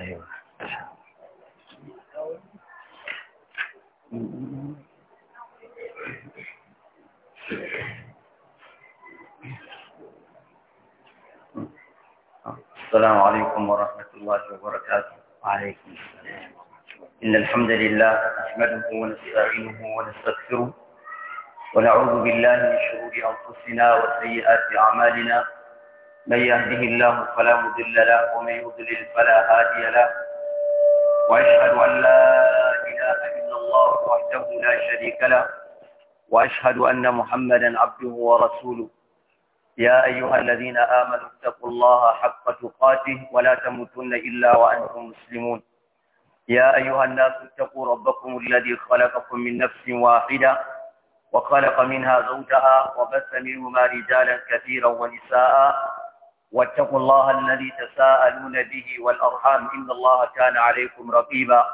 أيوة السلام عليكم ورحمة الله وبركاته وعليكم السلام إن الحمد لله نحمده ونستعينه ونستغفره ونعوذ بالله من شرور أنفسنا وسيئات أعمالنا من يهده الله فلا مضل له ومن يضلل فلا هادي له واشهد ان لا اله الا الله وحده لا شريك له واشهد ان محمدا عبده ورسوله يا ايها الذين امنوا اتقوا الله حق تقاته ولا تموتن الا وانتم مسلمون يا ايها الناس اتقوا ربكم الذي خلقكم من نفس واحده وخلق منها زوجها وبث منهما رجالا كثيرا ونساء واتقوا الله الذي تساءلون به والأرحام إن الله كان عليكم رقيبا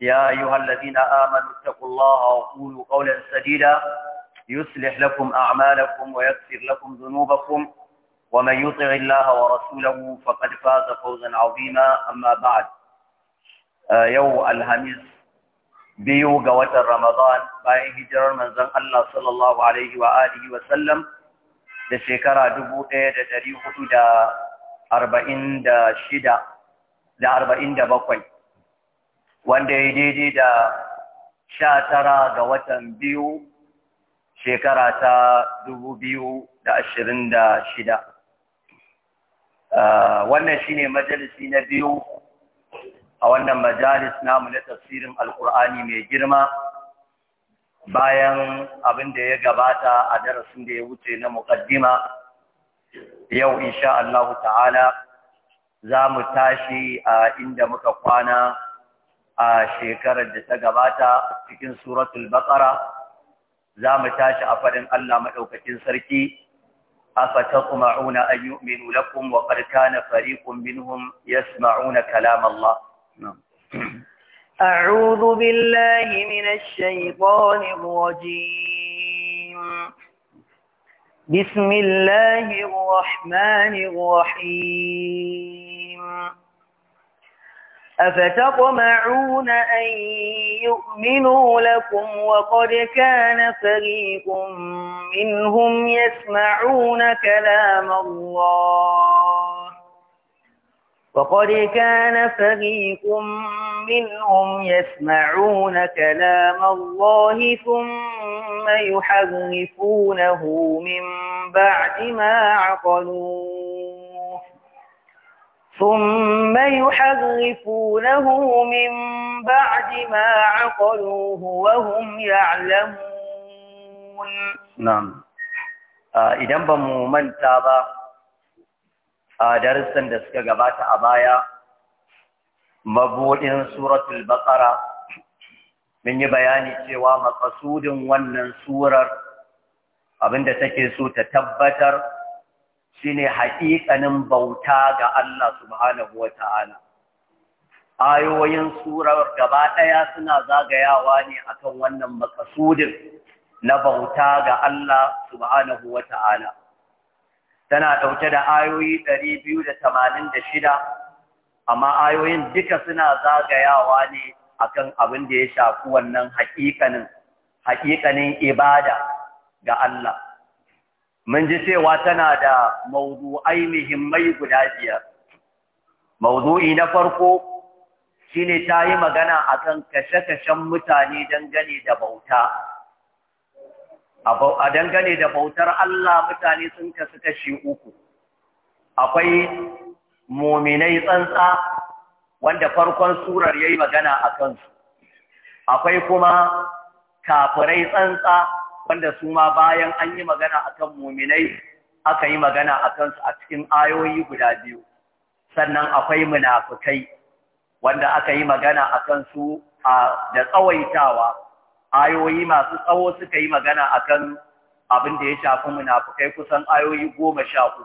يا أيها الذين آمنوا اتقوا الله وقولوا قولا سديدا يصلح لكم أعمالكم ويغفر لكم ذنوبكم ومن يطع الله ورسوله فقد فاز فوزا عظيما أما بعد آه، يو الهمز بيو قوة رمضان باين هجر من الله صلى الله عليه وآله وسلم da shekara dubu ɗaya da ɗari hudu da arba'in da shida da arba'in da bakwai wanda ya daidai da sha tara ga watan biyu shekara ta dubu biyu da ashirin da shida ah, wannan shi ne majalisi na biyu a wannan majalis namu na tafsirin alkur'ani mai girma bayan abin da ya gabata a darasin da ya wuce na muƙaddima yau insha Allah ta'ala za mu tashi a inda muka kwana a shekarar da ta gabata cikin suratul baqara za mu tashi a faɗin Allah maɗaukacin sarki أفتطمعون أن يؤمنوا لكم وقد كان فريق منهم يسمعون كلام الله نعم أعوذ بالله من الشيطان الرجيم بسم الله الرحمن الرحيم أفتطمعون أن يؤمنوا لكم وقد كان فريق منهم يسمعون كلام الله وقد كان فريق منهم يسمعون كلام الله ثم يحرفونه من بعد ما عقلوه ثم يحرفونه من بعد ما عقلوه وهم يعلمون نعم آه، إذا بمو من تابا a darussan da suka gabata a baya mabuɗin suratul baqara mun yi bayani cewa makasudin wannan surar abinda take so ta tabbatar shine haƙiƙanin bauta ga Allah subhanahu wata'ala ayoyin surar gaba ɗaya suna zagayawa ne akan wannan makasudin na bauta ga Allah subhanahu wata'ala tana ɗauke da ayoyi ɗari biyu da tamanin da shida, amma ayoyin duka suna zagayawa ne akan abin da ya shafi wannan haƙiƙanin, haƙiƙanin ibada ga Allah. Mun ji cewa tana da mawdu'ai muhimmai guda biyar. Mawdu'i na farko shine ta yi magana akan kashe-kashen mutane dangane da bauta. a dangane da bautar Allah mutane sun kasu kashi uku akwai muminai tsantsa wanda farkon surar ya yi magana a kansu akwai kuma kafirai tsantsa wanda su ma bayan an yi magana a kan muminai aka yi magana a kansu a cikin ayoyi guda biyu sannan akwai munafukai wanda aka yi magana a kansu da tsawaitawa ayoyi masu tsawo suka yi magana akan abin da ya shafi munafukai kusan ayoyi goma sha uku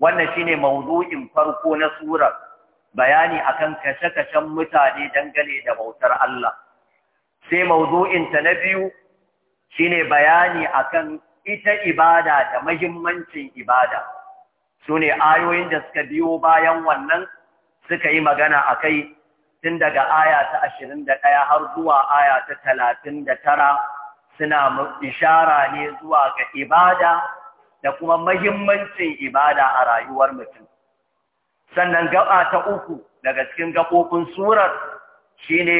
wannan shine mawdu'in farko na surar bayani akan kashe-kashen mutane dangane da bautar Allah sai mawdu'in ta na biyu shine bayani akan ita ibada da mahimmancin ibada sune ayoyin da suka biyo bayan wannan suka yi magana akai tun daga aya ta ashirin da ɗaya har zuwa aya ta talatin da tara suna ishara ne zuwa ga ibada da kuma mahimmancin ibada a rayuwar mutum. Sannan gaba ta uku daga cikin gaɓoɓin surar shi ne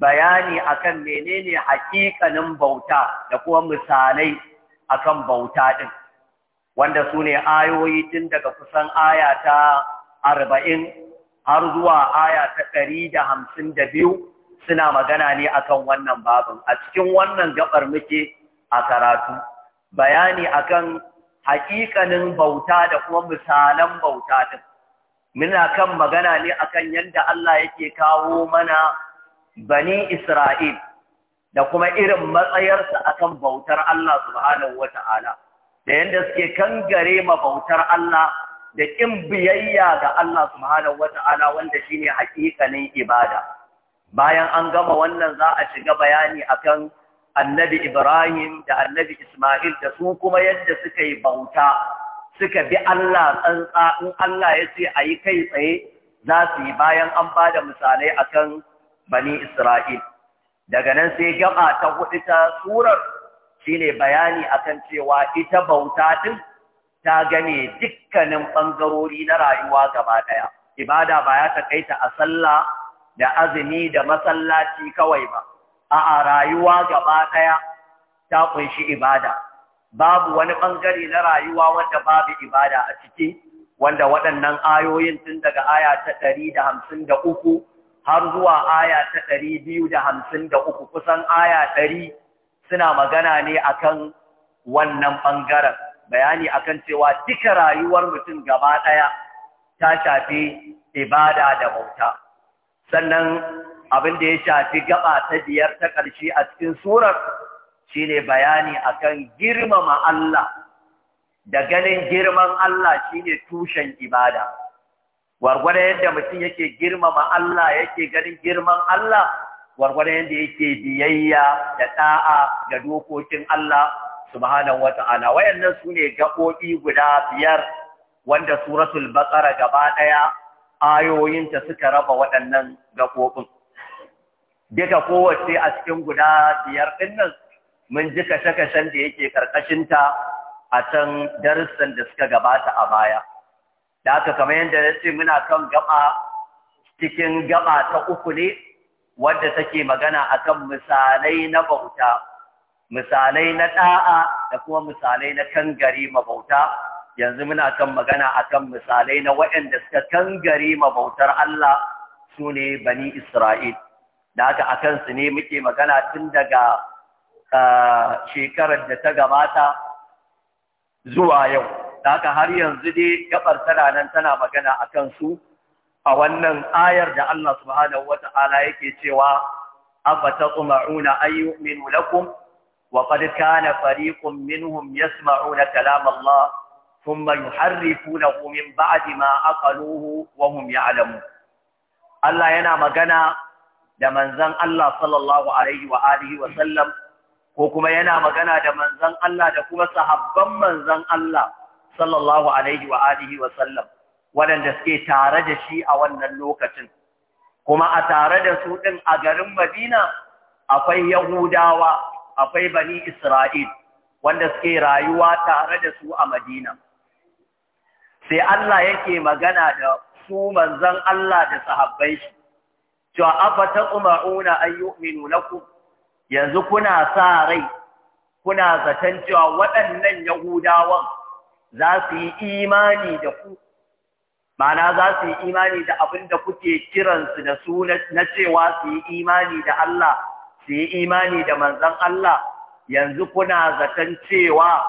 bayani akan menene haƙiƙanin bauta da kuma misalai akan bauta ɗin, wanda su ne ayoyi tun daga kusan aya ta arba'in har zuwa aya ta ɗari da hamsin da biyu suna magana ne akan wannan babin a cikin wannan gabar muke a karatu bayani akan haƙiƙanin bauta da kuma misalan bauta din muna kan magana ne akan yadda Allah yake kawo mana bani Isra'il da kuma irin matsayarsa akan bautar Allah subhanahu wata'ala da yadda suke kangare ma bautar Allah da ƙin biyayya ga Allah subhanahu wata'ala wanda shine haƙiƙanin ibada bayan an gama wannan za a shiga bayani akan annabi Ibrahim da annabi Ismail da su kuma yadda suka yi bauta suka bi Allah tsantsa in Allah ya ce a yi kai tsaye za su yi bayan an ba da misalai akan bani Isra'il daga nan sai gaba ta hudu ta surar shine bayani akan cewa ita bauta din ta gane dukkanin ɓangarori na rayuwa gaba ɗaya. Ibada ba ya taƙaita a sallah da azumi da masallaci kawai ba, a'a rayuwa gaba ɗaya ta ƙunshi ibada. Babu wani ɓangare na rayuwa wanda babu ibada a ciki, wanda waɗannan ayoyin tun daga aya ta ɗari da hamsin da uku har zuwa aya ta ɗari biyu da hamsin da uku kusan aya ɗari suna magana ne akan wannan ɓangaren. bayani akan cewa duka rayuwar mutum gaba ɗaya ta shafi ibada da bauta. Sannan abin da ya shafi gaba ta biyar ta ƙarshe a cikin surar shine bayani akan girmama Allah da ganin girman Allah shine tushen ibada. Wargwada yadda mutum yake girmama Allah yake ganin girman Allah, wargwada yadda yake biyayya da ɗa'a ga dokokin Allah subhanahu wa ta'ala wayannan su ne gaɓoɓi guda biyar wanda suratul baqara gaba ɗaya ayoyinta suka raba waɗannan gaɓoɓin duka kowace a cikin guda biyar ɗinnan, mun ji kashe-kashen da yake ƙarƙashinta a can darussan da suka gabata a baya da haka kamar yadda na ce muna kan gaba cikin gaba ta uku ne wadda take magana akan misalai na bauta misalai na ɗa'a da kuma misalai na kangare mabauta yanzu muna kan magana akan misalai na waɗanda suka kangare mabautar Allah su ne bani Isra'il da haka akan su ne muke magana tun daga shekarar da ta gabata zuwa yau da haka har yanzu dai gabar tana nan tana magana akan su a wannan ayar da Allah subhanahu wata'ala yake cewa Abba afa taqma'una ayyuminu lakum وقد كان فريق منهم يسمعون كلام الله ثم يحرفونه من بعد ما عقلوه وهم يعلمون Allah yana magana da manzan Allah sallallahu alaihi wa alihi wa sallam ko kuma yana magana da manzan Allah da kuma sahabban manzan Allah sallallahu alaihi wa alihi wa sallam waɗanda suke tare da shi a wannan lokacin kuma a tare da su ɗin a garin Madina akwai Yahudawa akwai bani Isra'il wanda suke rayuwa tare da su a Madina. Sai Allah yake magana da su manzan Allah da sahabbai shi, cewa afata umaruna an na lakum yanzu kuna sa rai kuna zaton cewa waɗannan Yahudawan za su yi imani da ku Ma'ana za su yi imani da abin da kuke kiransu da su na cewa su yi imani da Allah su yi imani da manzan Allah yanzu kuna zaton cewa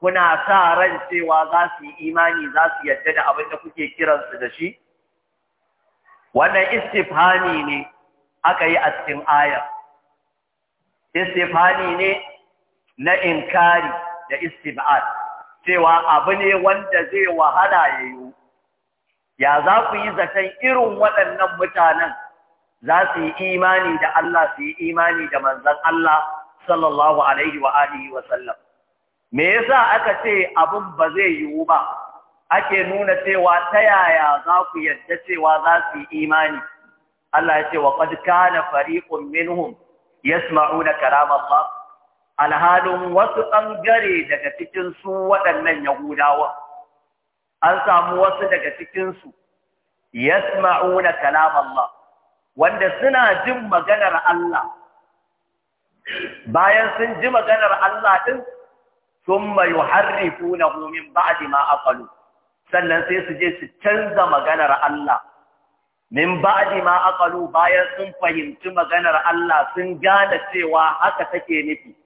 kuna sa ran cewa za su yi imani za su yadda da abin da kuke kiransu da shi wannan istifani ne aka yi a cikin ayar Istifani ne na inkari da istib'ad cewa abu ne wanda zai wahala ya yi ya za ku yi zaton irin waɗannan mutanen za su yi imani da Allah su yi imani da manzon Allah sallallahu alaihi wa wa sallam me yasa aka ce abun ba zai yiwu ba ake nuna cewa ta yaya za ku yadda cewa za su yi imani Allah ya ce wa qad kana fariqun minhum da kalama ba. alhalun wasu bangare daga cikin su waɗannan yahudawa an samu wasu daga cikinsu. su yasma'una kalama ba. wanda suna jin maganar Allah bayan sun ji maganar Allah din sun thumma yuharrifunahu min ba'di ma aqalu sannan sai su je su canza maganar Allah min ba'di ma bayan sun fahimci maganar Allah sun gane cewa haka take nufi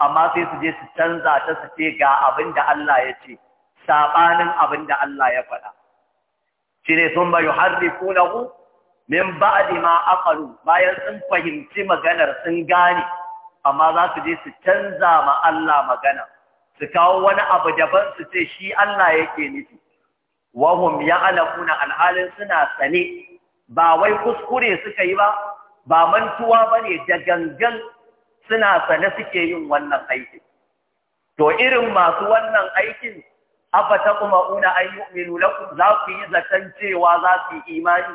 amma sai su je su canza ta su ce ga abin da Allah ya ce sabanin abin da Allah ya faɗa shine thumma yuharrifunahu min ba'di ma aqalu bayan sun fahimci maganar sun gane amma za su je su canza ma Allah magana su kawo wani abu daban su ce shi Allah yake nufi wa hum ya'lamuna alhalin suna sane ba wai kuskure suka yi ba ba mantuwa bane da gangan suna sane suke yin wannan aiki. to irin masu wannan aikin afa taqma'una an yu'minu lakum za ku yi zaton cewa za su yi imani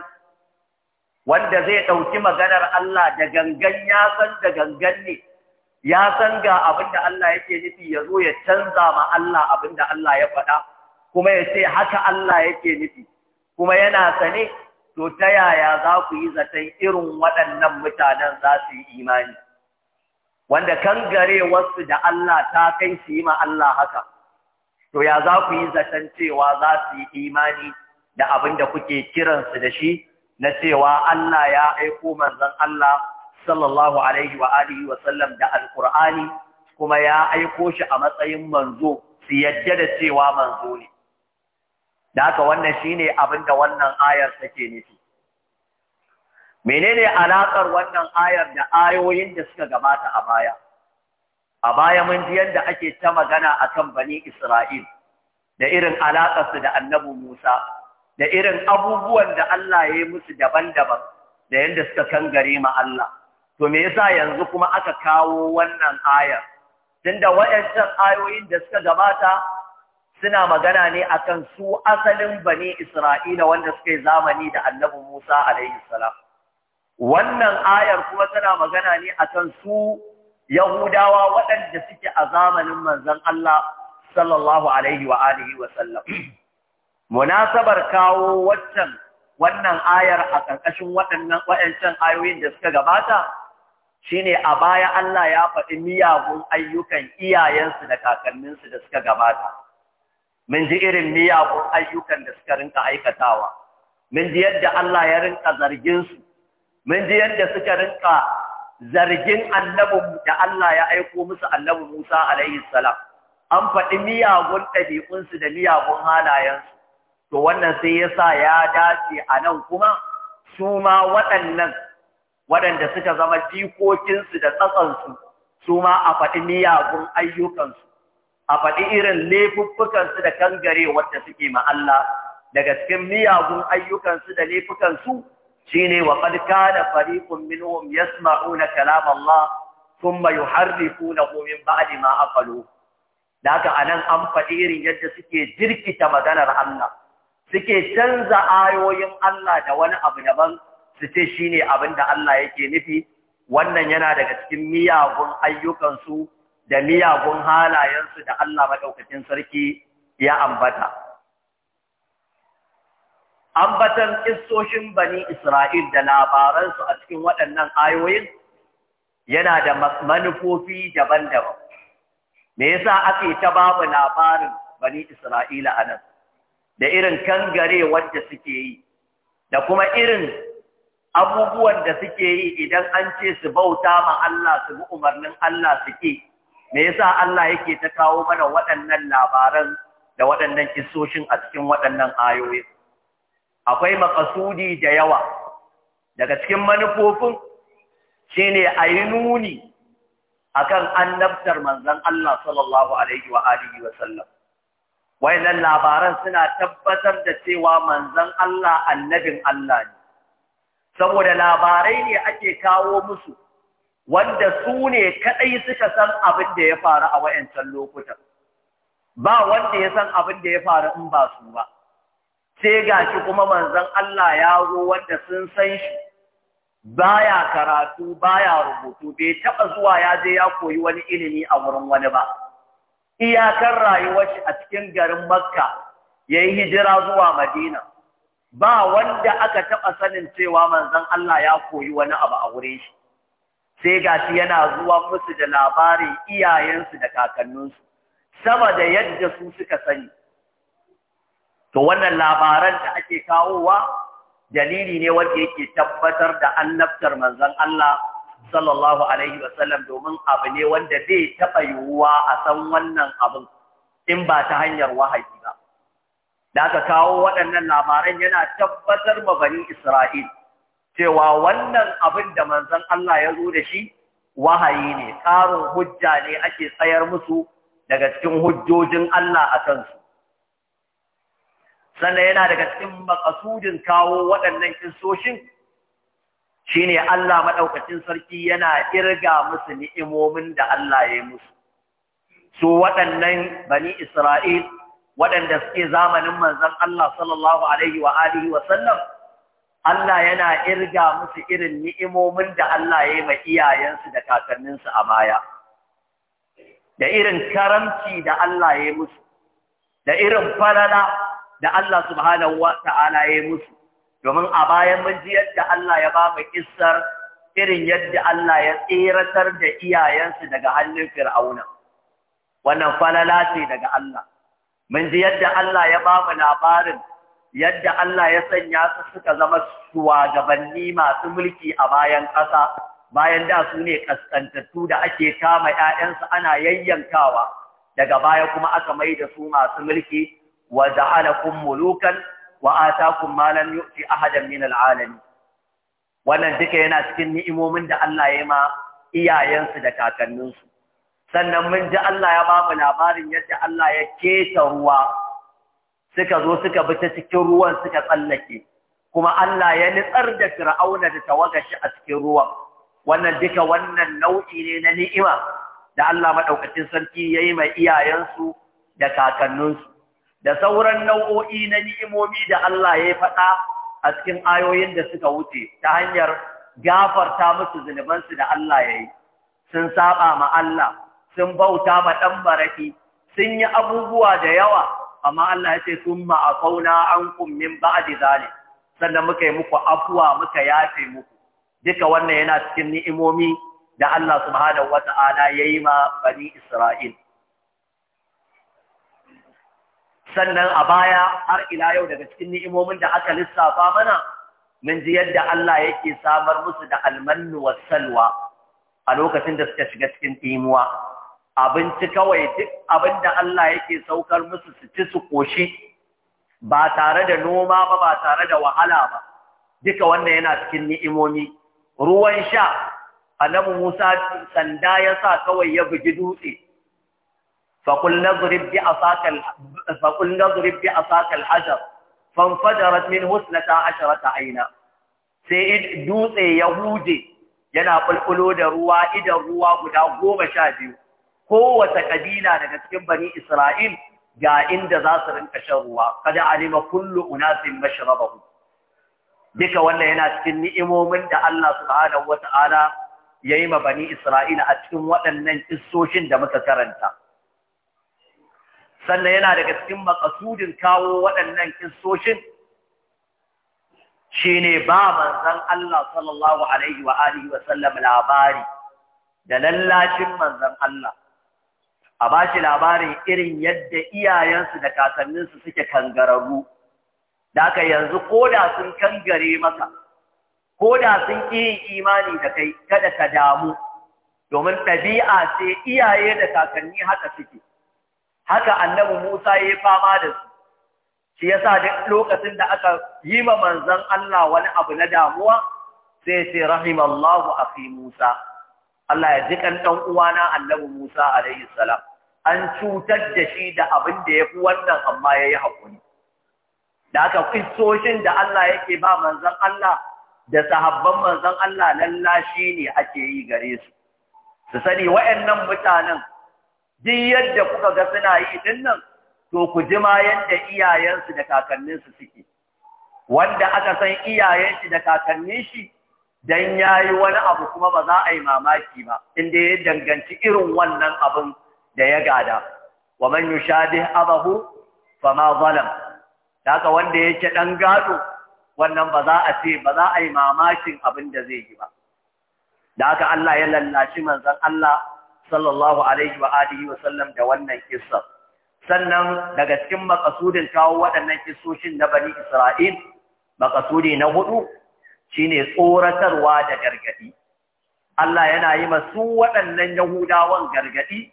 wanda zai ɗauki maganar Allah da gangan ya san da gangan ne, ya san ga abin da Allah yake nufi ya zo ya canza ma Allah abin da Allah ya faɗa, kuma ya ce haka Allah yake nufi, kuma yana sane, to ta yaya za ku yi zaton irin waɗannan mutanen za su yi imani. Wanda wasu da Allah ta kai su yi ma Allah haka, to ya za ku yi zaton cewa za su yi imani da abin da kuke kiransu da shi, na cewa Allah ya aiko manzon Allah sallallahu alaihi wa alihi wa sallam da alqur'ani kuma ya aiko shi a matsayin manzo su yadda da cewa manzo ne da haka wannan shine abinda wannan ayar take nufi menene alakar wannan ayar da ayoyin da suka gabata a baya a baya mun ji yadda ake ta magana akan bani Isra'il da irin su da annabi Musa da irin abubuwan da Allah ya yi musu daban-daban da yadda suka kangare ma Allah. To me yasa yanzu kuma aka kawo wannan ayar? Tunda waɗancan ayoyin da suka gabata suna magana ne akan su asalin bani Isra'ila wanda suka yi zamani da Annabi Musa salam. Wannan ayar kuma tana magana ne akan su Yahudawa waɗanda suke a zamanin manzon Allah sallallahu alaihi wa alihi wa sallam. munasabar kawo waccan wannan ayar a ƙarƙashin waɗannan waɗancan ayoyin da suka gabata Shi ne a baya Allah ya faɗi miyagun ayyukan iyayensu da kakanninsu da suka gabata mun ji irin miyagun ayyukan da suka rinka aikatawa mun ji yadda Allah ya rinka zargin su mun ji yadda suka rinka zargin annabin da Allah ya aiko musu annabi Musa alaihi salam an faɗi miyagun ɗabi'unsu da miyagun halayensu to wannan sai ya sa ya dace a nan kuma su ma waɗannan waɗanda suka zama jikokinsu da tsatsansu su ma a faɗi miyagun ayyukansu a faɗi irin laifuffukansu da kangare wadda suke ma daga cikin miyagun ayyukansu da laifukansu shine wa qad kana fariqun minhum yasma'una kalam Allah ثم يحرفونه من بعد ما أقلوه da haka anan an faɗi irin yadda suke jirkita maganar Allah suke canza ayoyin Allah da wani abu daban su ce shi ne abin da Allah yake nufi wannan yana daga cikin miyagun ayyukansu da miyagun halayensu da Allah maɗaukacin sarki ya ambata. Ambatan ƙistoshin bani Isra'il da labaransu a cikin waɗannan ayoyin yana da manufofi daban-daban. Me yasa ake ta babu labarin bani Isra'ila a nan? da irin kangare wanda suke yi da kuma irin abubuwan da suke yi idan an ce su bauta ma Allah su bi umarnin Allah suke me yasa Allah yake ta kawo mana waɗannan labaran da waɗannan kisoshin a cikin waɗannan ayoyi akwai makasudi da yawa daga cikin manufofin shine a yi nuni akan annabtar manzon Allah sallallahu alaihi wa alihi wa wayannan labaran suna tabbatar da cewa manzon Allah annabin Allah ne saboda labarai ne ake kawo musu wanda su ne kadai suka san abin da ya faru a wayancan lokutan ba wanda ya san abin da ya faru in ba su ba sai gashi kuma manzon Allah ya zo wanda sun san shi baya karatu baya rubutu bai taba zuwa ya je ya koyi wani ilimi a wurin wani ba iyakar rayuwar shi a cikin garin Makka yayi hijira zuwa Madina ba wanda aka taba sanin cewa manzon Allah ya koyi wani abu a wurin shi sai gashi yana zuwa musu da labarin iyayensu da kakanninsu sama da yadda su suka sani to wannan labaran da ake kawowa dalili ne wanda yake tabbatar da annabtar manzon Allah sallallahu alaihi wasallam domin abu ne wanda zai taɓa yiwuwa a san wannan abin in ba ta hanyar wahayi ba. Da aka kawo waɗannan labaran yana tabbatar ma bani Isra'il cewa wannan abin da manzon Allah ya zo da shi wahayi ne, ƙarin hujja ne ake tsayar musu daga cikin hujjojin Allah a kansu. Sannan yana daga cikin makasudin kawo waɗannan kisoshin shine Allah maɗaukacin sarki yana irga musu ni'imomin da Allah ya yi musu su waɗannan bani Isra'il waɗanda suke zamanin manzon Allah sallallahu alaihi wa alihi Allah yana irga musu irin ni'imomin da Allah ya yi ma iyayensu da kakanninsu a baya da irin karamci da Allah ya yi musu da irin falala da Allah subhanahu wa ta'ala ya yi musu domin a bayan mun ji yadda Allah ya ba mu kissar irin yadda Allah ya tseratar da iyayensu daga hannun Fir'auna wannan falala ce daga Allah mun ji yadda Allah ya ba mu labarin yadda Allah ya sanya su suka zama shugabanni masu mulki a bayan ƙasa bayan da su ne kaskantattu da ake kama ‘ya'yansu ana yayyankawa daga baya kuma aka mai da su masu mulki wa ja'alakum mulukan wa atakum ma lam yu'ti ahadan min al'alamin wannan duka yana cikin ni'imomin da Allah ya ma iyayensu da kakanninsu sannan mun ji Allah ya ba mu labarin yadda Allah ya keta ruwa suka zo suka bi ta cikin ruwan suka tsallake kuma Allah ya nitsar da Fir'auna da tawaga shi a cikin ruwan wannan duka wannan nau'i ne na ni'ima da Allah madaukakin sarki yayi mai iyayensu da kakanninsu da sauran nau'o'i na ni'imomi da Allah ya faɗa a cikin ayoyin da suka wuce ta hanyar gafarta musu zunubansu da Allah ya yi sun saba ma Allah sun bauta ma ɗan baraki sun yi abubuwa da yawa amma Allah ya ce sun ma'afauna an kummin ba'adi zalim sannan muka yi muku afuwa muka yafe muku duka wannan yana cikin ni'imomi da Allah subhanahu wata'ala ya yi ma bani Isra'il sannan a baya har ila yau daga cikin ni'imomin da aka lissafa mana mun ji yadda Allah yake samar musu da almannu was salwa a lokacin da suka shiga cikin timuwa abinci kawai duk abin da Allah yake saukar musu su ci su koshi ba tare da noma ba ba tare da wahala ba duka wannan yana cikin ni'imomi ruwan sha annabi Musa sanda ya sa kawai ya bugi dutse فقل نضرب بعصاك ال... فقل نضرب بعصاك الحجر فانفجرت منه اثنتا عشرة عينا sai dutse ya huje yana ƙulƙulo da ruwa idan ruwa guda goma sha biyu kowace kabila daga cikin bani Isra'il ga inda za su rinka shan ruwa kada alima kullu unasin mashrabahu duka wannan yana cikin ni'imomin da Allah subhanahu wata'ala yayi ma bani Isra'ila a cikin waɗannan kissoshin da muka karanta sannan yana daga cikin makasudin kawo waɗannan Shi shine ba manzan Allah sallallahu alaihi wa alihi wa sallam labari da lallacin manzan Allah a ba shi labarin irin yadda iyayensu da kakanninsu suke kangararru da aka yanzu koda sun kangare maka koda sun ƙi imani da kai kada ka damu domin ɗabi'a sai iyaye da kakanni haka suke haka annabi Musa ya yi fama da su shi yasa duk lokacin da aka yi ma manzon Allah wani abu na damuwa sai sai, rahimallahu akhi Musa Allah ya ji kan dan uwana annabi Musa alaihi salam an cutar da shi da abin da yafi wannan amma yayi haƙuri. da aka kissoshin da Allah yake ba manzon Allah da sahabban manzon Allah lallashi ne ake yi gare su su sani wayannan mutanen duk yadda kuka ga suna yi din nan to ku ji ma yadda iyayensu da kakanninsu suke wanda aka san iyayen da kakannin shi dan yayi wani abu kuma ba za a yi mamaki ba inda ya danganci irin wannan abin da ya gada wa man yushabih abahu ma zalam haka wanda yake dan gado wannan ba za a ce ba za a yi mamakin abin da zai yi ba da haka Allah ya lallashi manzon Allah sallallahu alaihi wa alihi wa sallam da wannan kissa sannan daga cikin makasudin kawo waɗannan kissoshin na bani Isra'il makasudi na hudu shine tsoratarwa da gargadi Allah yana yi masu waɗannan Yahudawan gargadi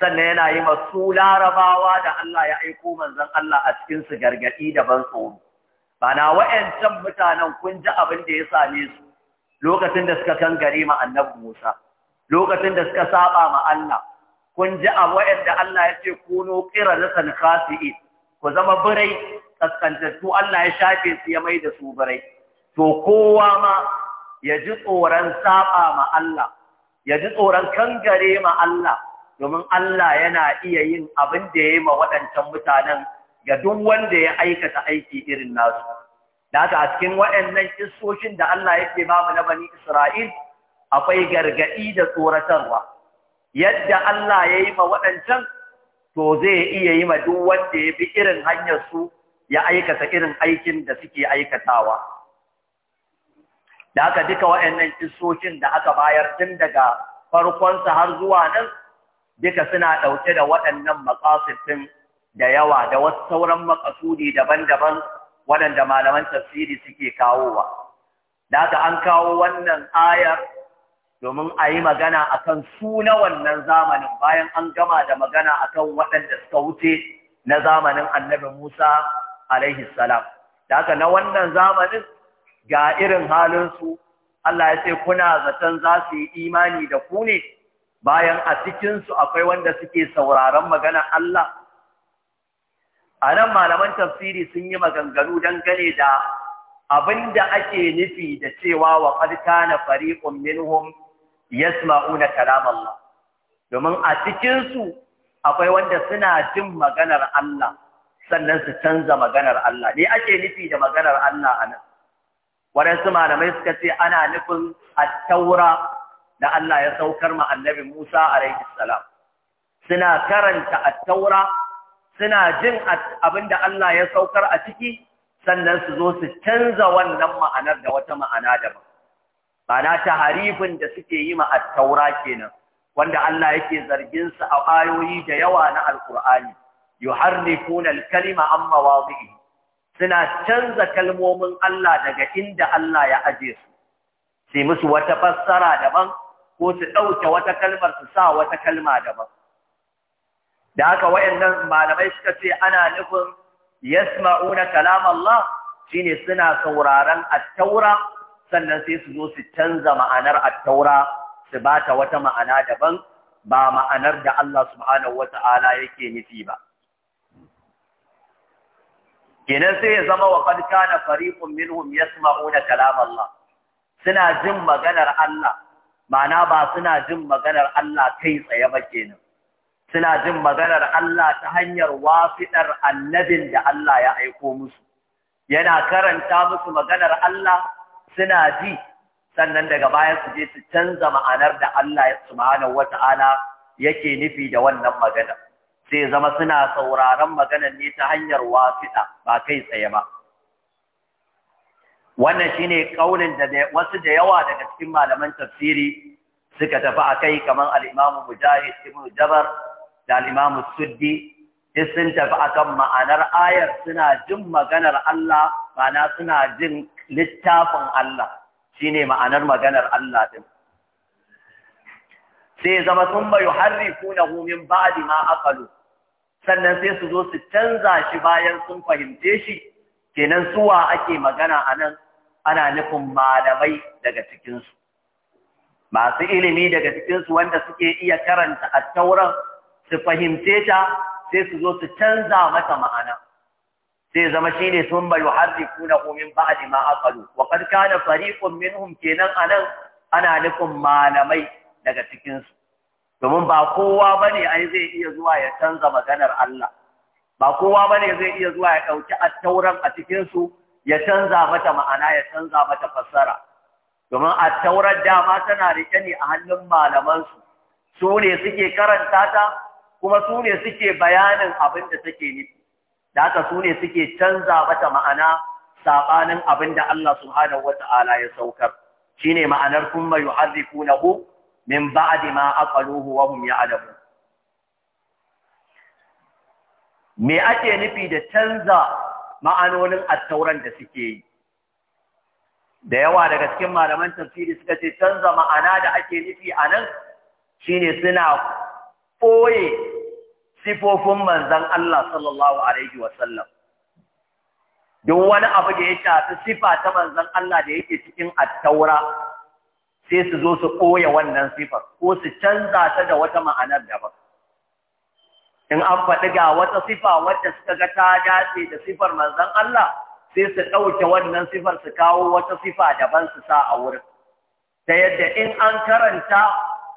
sannan yana yi masu larabawa da Allah ya aiko manzon Allah a cikin su gargadi da ban tsoro bana wa'ancan mutanen kun ji abin da ya same su lokacin da suka kan gare ma annabi Musa lokacin da suka saba ma Allah kun ji a wa'anda Allah ya ce kuno san khasi'i ku zama birai kaskantattu Allah ya shafe su ya mai da su birai to kowa ma ya ji tsoron saba ma Allah ya ji tsoron kangare ma Allah domin Allah yana iya yin abin da ya ma waɗancan mutanen ga duk wanda ya aikata aiki irin nasu da a cikin waɗannan kissoshin da Allah yake ba mu na bani Isra'il akwai gargaɗi da tsoratarwa yadda Allah ya yi ma waɗancan to zai iya yi ma duk wanda ya bi irin hanyar su ya aikata irin aikin da suke aikatawa da aka duka waɗannan kisoshin da aka bayar tun daga farkonsa har zuwa nan duka suna ɗauke da waɗannan makasin da yawa da wasu sauran makasudi daban-daban waɗanda malaman tafsiri suke kawowa. Da aka an kawo wannan ayar domin a yi magana a kan su na wannan zamanin bayan an gama da magana a kan waɗanda suka wuce na zamanin annabi Musa alaihi salam. Da haka na wannan zamanin ga irin halinsu, Allah ya ce kuna zaton za su yi imani da ku ne bayan a cikinsu akwai wanda suke sauraron magana Allah. A nan malaman tafsiri sun yi maganganu dangane da abin da ake nufi da cewa wa ƙarƙa na fariƙun minhum yasma'una kalam Allah domin a cikin su akwai wanda suna jin maganar Allah sannan su canza maganar Allah ne ake nufi da maganar Allah anan su malamai suka ce ana nufin attaura da Allah ya saukar ma annabi Musa alaihi salam suna karanta attaura suna jin abinda Allah ya saukar a ciki sannan su zo su canza wannan ma'anar da wata ma'ana daban Bana ta harifin da suke yi ma attaura kenan, wanda Allah yake zargin su a ayoyi da yawa na Alƙur'ani, yuharrifuna al-kalima an Suna canza kalmomin Allah daga inda Allah ya aje su. Sai musu wata fassara daban ko su ɗauke wata kalmar su sa wata kalma daban. Da haka wayannan malamai suka ce ana nufin yasma'una kalam Allah shine suna sauraron at sannan sai su zo su canza ma'anar attaura su ba ta wata ma'ana daban ba ma'anar da Allah subhanahu wata'ala yake nufi ba kenan sai ya zama wa qad kana fariƙun minhum yasma'una kalam Allah suna jin maganar Allah ma'ana ba suna jin maganar Allah kai tsaye ba kenan suna jin maganar Allah ta hanyar wafiɗar annabin da Allah ya aiko musu yana karanta musu maganar Allah suna ji sannan daga baya su je su canza ma'anar da Allah subhanahu wata'ala yake nufi da wannan magana sai zama suna sauraron maganar ne ta hanyar wasiɗa ba kai tsaye ba wannan shine kaulin da wasu da yawa daga cikin malaman tafsiri suka tafi akai kamar al-Imam Mujahid ibn Jabar da al-Imam Suddi sun tafi akan ma'anar ayar suna jin maganar Allah bana suna jin littafin Allah shi ne ma'anar maganar Allah ɗin. sai zama sun bayu harrifunahu min ba'di ma akalu sannan sai su zo su canza shi bayan sun fahimce shi kenan suwa ake magana a nan. ana nufin malamai daga cikinsu masu ilimi daga cikinsu wanda suke iya karanta a tauran su fahimce ta sai su zo su canza mata ma'ana zai zama shi ne sun bayu harrifuna a ba'di ma aqalu wa qad kana fariqun minhum kenan nan ana nufin malamai daga cikinsu. domin ba kowa bane ai zai iya zuwa ya canza maganar Allah ba kowa bane zai iya zuwa ya ɗauki attauran a cikinsu ya canza mata ma'ana ya canza mata fassara domin attaurar dama tana rike ne a hannun malamansu. su ne suke karanta ta kuma su ne suke bayanin abin da take nufi da haka su ne suke canza mata ma'ana saɓanin abin da Allah subhanahu wa ta'ala ya saukar shi ne ma'anar kun mai yuharrifu na hu min ba'adi a aqaluhu wa ya adabu. me ake nufi da canza ma'anonin attauran da suke yi da yawa daga cikin malaman tafsiri suka ce canza ma'ana da ake nufi a nan ne suna ɓoye sifofin manzan Allah sallallahu alaihi wasallam duk wani abu da ya shafi sifa ta manzan Allah da yake cikin attaura sai su zo su ɓoye wannan sifar ko su canza ta da wata ma'anar daban in an faɗi ga wata sifa wadda suka ga ta dace da sifar manzan Allah sai su ɗauke wannan sifar su kawo wata sifa daban su sa a wurin ta yadda in an karanta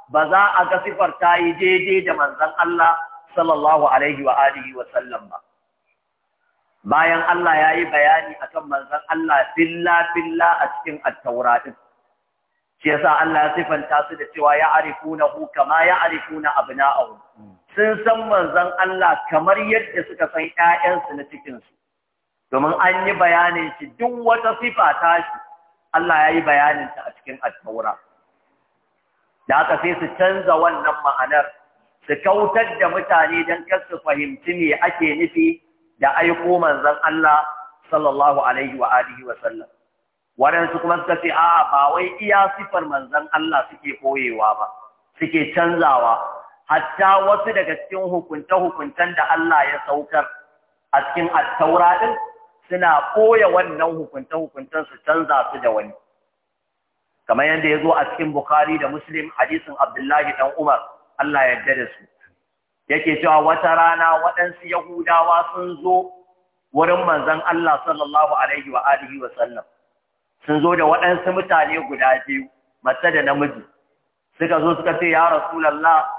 ba za a ga sifar ta yi daidai da manzan Allah sallallahu alaihi wa alihi wa sallam ba bayan Allah ya yi bayani akan manzon Allah filla filla a cikin at-tauratin shi yasa Allah ya sifanta su da cewa ya arifunahu kama ya arifuna abna'ahum sun san manzon Allah kamar yadda suka san yayansu na cikinsu domin an yi bayanin shi duk wata sifa ta shi Allah ya yi bayanin ta a cikin at da aka sai su canza wannan ma'anar su kautar da mutane don kasu fahimci me ake nufi da aiko manzon Allah sallallahu alaihi wa wa sallam waɗansu kuma suka ce a'a ba wai iya sifar manzon Allah suke koyewa ba suke canzawa hatta wasu daga cikin hukunta hukuntan da Allah ya saukar a cikin attaura suna koya wannan hukunta hukuntan su canza su da wani kamar yadda ya zo a cikin Bukhari da Muslim hadisin Abdullahi dan Umar Allah ya yarda da su yake cewa wata rana waɗansu Yahudawa sun zo wurin manzon Allah sallallahu alaihi wa alihi wa sallam sun zo da waɗansu mutane guda biyu mace da namiji suka zo suka ce ya rasulullah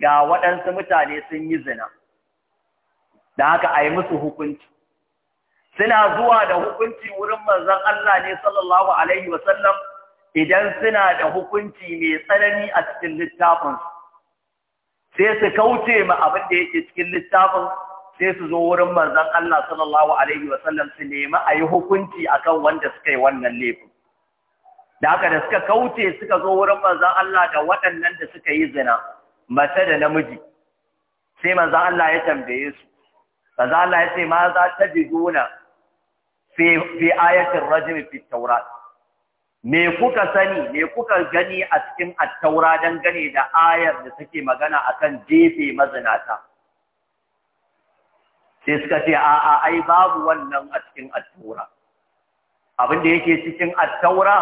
ga waɗansu mutane sun yi zina da haka a yi musu hukunci suna zuwa da hukunci wurin manzon Allah ne sallallahu alaihi wa sallam idan suna da hukunci mai tsanani a cikin littafinsu sai su kauce ma abin da yake cikin littafin sai su zo wurin manzon Allah sallallahu alaihi wa sallam su nemi a yi hukunci akan wanda suka yi wannan laifin da haka da suka kauce suka zo wurin manzon Allah da waɗannan da suka yi zina mace da namiji sai manzon Allah ya tambaye su manzon Allah ya ce ma za ta fi fi ayatin rajmi fi tawrat me kuka sani me kuka gani a cikin attaura dangane da ayar da take magana akan jefe mazinata sai suka ce a'a ai babu wannan a cikin attaura abin da yake cikin attaura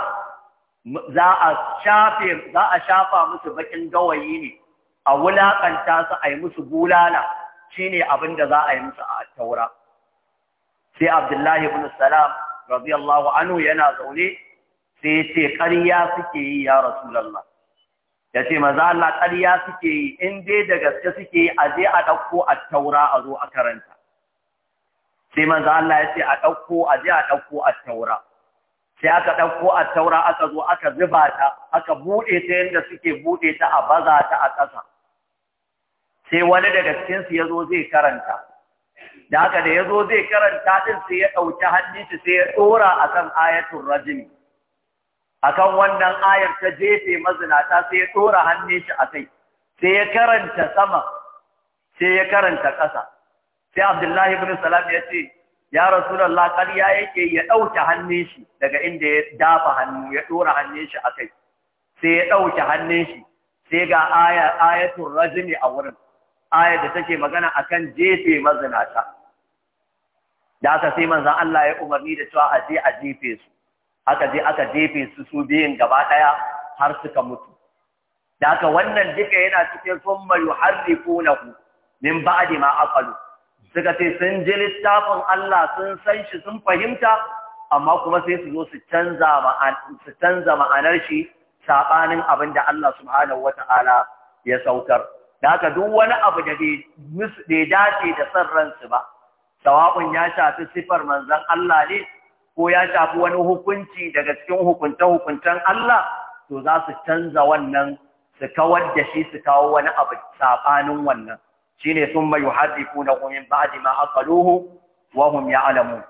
za a shafe za a shafa musu bakin gawayi ne a wulakanta su ayi musu bulala shine abin da za a yi musu a attaura sai Abdullahi ibn Salam radiyallahu anhu yana zaune sai ce ƙarya suke yi ya rasulallah ya ce maza Allah ƙarya suke yi in dai da gaske suke yi a je a ɗauko a taura a zo a karanta sai maza Allah ya ce a ɗauko a je a ɗauko a taura sai aka ɗauko a taura aka zo aka zuba ta aka buɗe ta yadda suke buɗe ta a baza ta a ƙasa sai wani daga cikinsu ya zo zai karanta da haka da ya zo zai karanta ɗin sai ya ɗauki hannunsa sai ya ɗora a kan ayatun rajimi akan wannan ayar ta jefe mazinata sai ya tsora hannun shi a kai sai ya karanta sama sai ya karanta ƙasa sai abdullahi ibn salam ya ce ya rasulullah ƙarya yake ya ɗauke hannun shi daga inda ya dafa hannu ya tsora hannun shi a kai sai ya ɗauke hannun shi sai ga aya ayatul a wurin ayar da take magana akan jefe mazinata da aka sai manzon Allah ya umarni da cewa a je a jefe su aka je aka jefe su su biyun gaba ɗaya har suka mutu da aka wannan duka yana cikin thumma yuharrifunahu min ba'di ma aqalu suka ce sun ji littafin Allah sun san shi sun fahimta amma kuma sai su zo su canza ma'anar shi sabanin abin da Allah subhanahu wata'ala ya saukar da aka duk wani abu da bai dace da san ransu ba sawa'un ya shafi sifar manzon Allah ne ko ya shafi wani hukunci daga cikin hukunce-hukuncen Allah to za su canza wannan su kawar da shi su kawo wani abu saɓanin wannan shi ne sun mai yuhadifu na kumin ba'adi ma akaluhu wa ya alamu.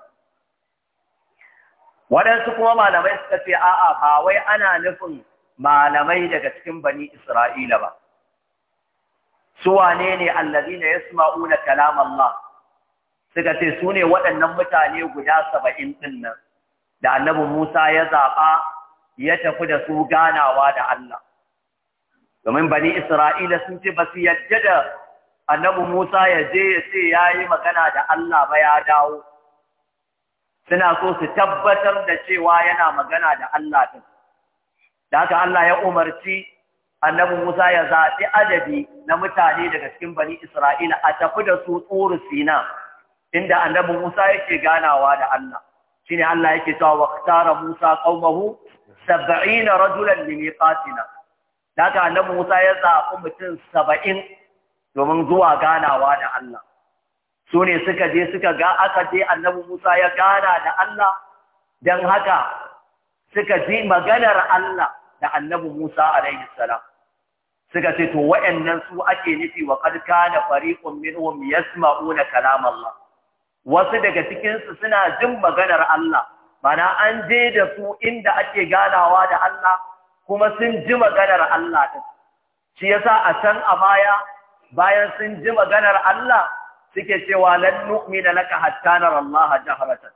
waɗansu kuma malamai suka ce a'a ba wai ana nufin malamai daga cikin bani Isra'ila ba su wane ne allazina yasma'una kalam Allah suka ce su ne waɗannan mutane guda saba'in ɗin nan da annabi Musa ya zaɓa ya tafi da su ganawa da Allah. Domin bani Isra'ila sun ce ba su yadda da annabi Musa ya je ya ce ya yi magana da Allah ba ya dawo. Suna so su tabbatar da cewa yana magana da Allah ɗin. Da haka Allah ya umarci annabi Musa ya zaɓi adadi na mutane daga cikin bani Isra'ila a tafi da su tsoro Sina. inda annabi Musa yake ganawa da Allah shine Allah yake cewa waqtara Musa qaumahu 70 rajulan li miqatina daga annabi Musa ya zaɓi mutum 70 domin zuwa ganawa da Allah Sune suka je suka ga aka je annabi Musa ya gana da Allah dan haka suka ji maganar Allah da annabi Musa alaihi salam suka ce to wa'annan su ake nufi wa qad kana fariqun minhum yasma'una kalam Allah wasu daga cikinsu suna jin maganar Allah mana an je da su inda ake ganawa da Allah kuma sun ji maganar Allah su, shi ya sa a can a baya bayan sun ji maganar Allah suke cewa lan nu'mina laka hattanar Allah jahratan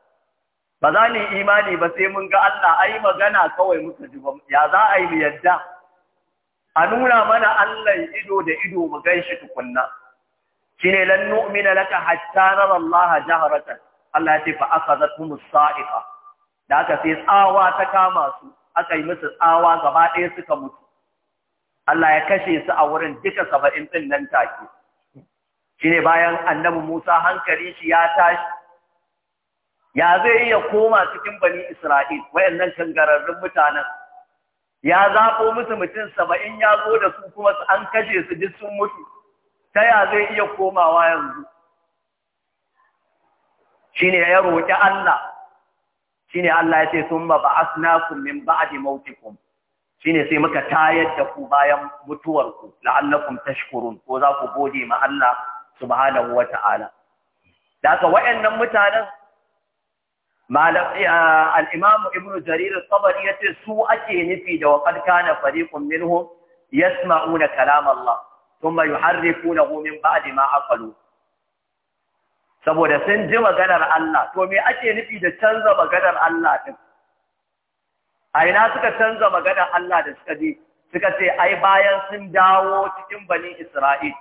ba za ni imani ba sai mun ga Allah ai magana kawai muka ji ba ya za a yi mu yadda a nuna mana Allah ido da ido mu gan shi tukunna shine lan nu'mina laka hatta nara Allah jahratan Allah ya ce fa akhadathum as-sa'iqa da aka sai tsawa ta kama su aka yi musu tsawa gaba ɗaya suka mutu Allah ya kashe su a wurin duka saba'in din nan take shine bayan annabi Musa hankali shi ya tashi ya zai iya koma cikin bani Isra'il wayannan kangararrun mutanen ya zaɓo musu mutum saba'in ya zo da su kuma an kashe su duk sun mutu ta ya zai iya komawa yanzu ne ya roƙi Allah ne Allah ya ce summa ba'asnakum min ba'di mautikum ne sai muka tayar da ku bayan mutuwarku la'allakum tashkurun ko za ku gode ma Allah subhanahu wata'ala daga wayannan mutanen al-imam ibnu jarir al-tabari yace su ake nufi da waqad kana fariqun minhum yasma'una kalam Allah kuma yuharrifunahu min ba'di ma aqalu saboda sun ji maganar Allah to me ake nufi da canza maganar Allah din a ina suka canza maganar Allah da suka ji suka ce ai bayan sun dawo cikin bani Isra'il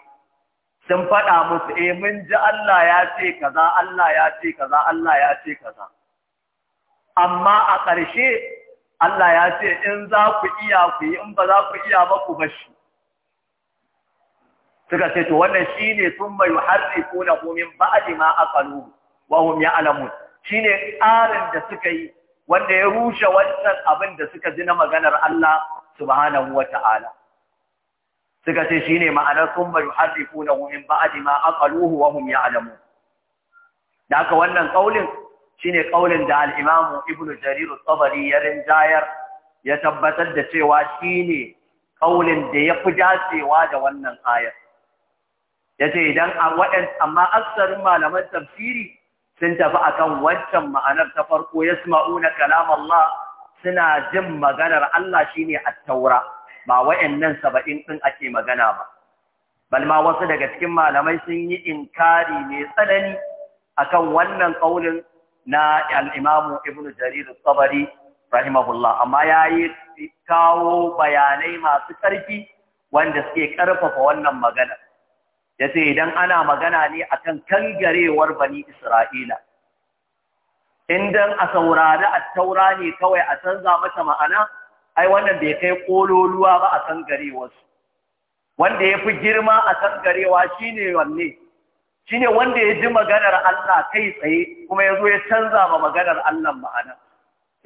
sun faɗa musu e mun ji Allah ya ce kaza Allah ya ce kaza Allah ya ce kaza amma a ƙarshe Allah ya ce in za ku iya ku yi in ba za ku iya ba ku bashi suka ce to wannan shine sun thumma yuharrifunahu min ba'di ma aqalu wa hum ya'lamun shine ƙarin da suka yi wanda ya rushe wancan abin da suka ji na maganar Allah subhanahu wata'ala suka ce shine ma'anar sun thumma yuharrifunahu min ba'di ma aqaluhu wa hum ya'lamun da haka wannan kaulin shine kaulin da al-Imam Ibn Jarir al-Tabari ya rinjayar ya tabbatar da cewa shine kaulin da ya fi dacewa da wannan ayar ya ce idan a amma aksarin malaman tafsiri sun tafi akan wancan ma'anar ta farko ya sma'una kalam Allah suna jin maganar Allah shine a taura ba nan saba'in ɗin ake magana ba Balma wasu daga cikin malamai sun yi inkari mai tsanani akan wannan ƙaunin na al'imamu Ibn Jarir Sabari rahimahullah, amma ya yi kawo bayanai masu ƙarfi wanda suke ƙarfafa wannan maganar. ya ce idan ana magana ne akan kangarewar bani Isra'ila. Indan a saurari a taura ne kawai a canza mata ma'ana, ai wannan bai kai ƙololuwa ba a kangarewarsu. Wanda ya fi girma a kangarewa shi ne wanne, shi wanda ya ji maganar Allah kai tsaye kuma ya zo ya canza ma maganar Allah ma'ana.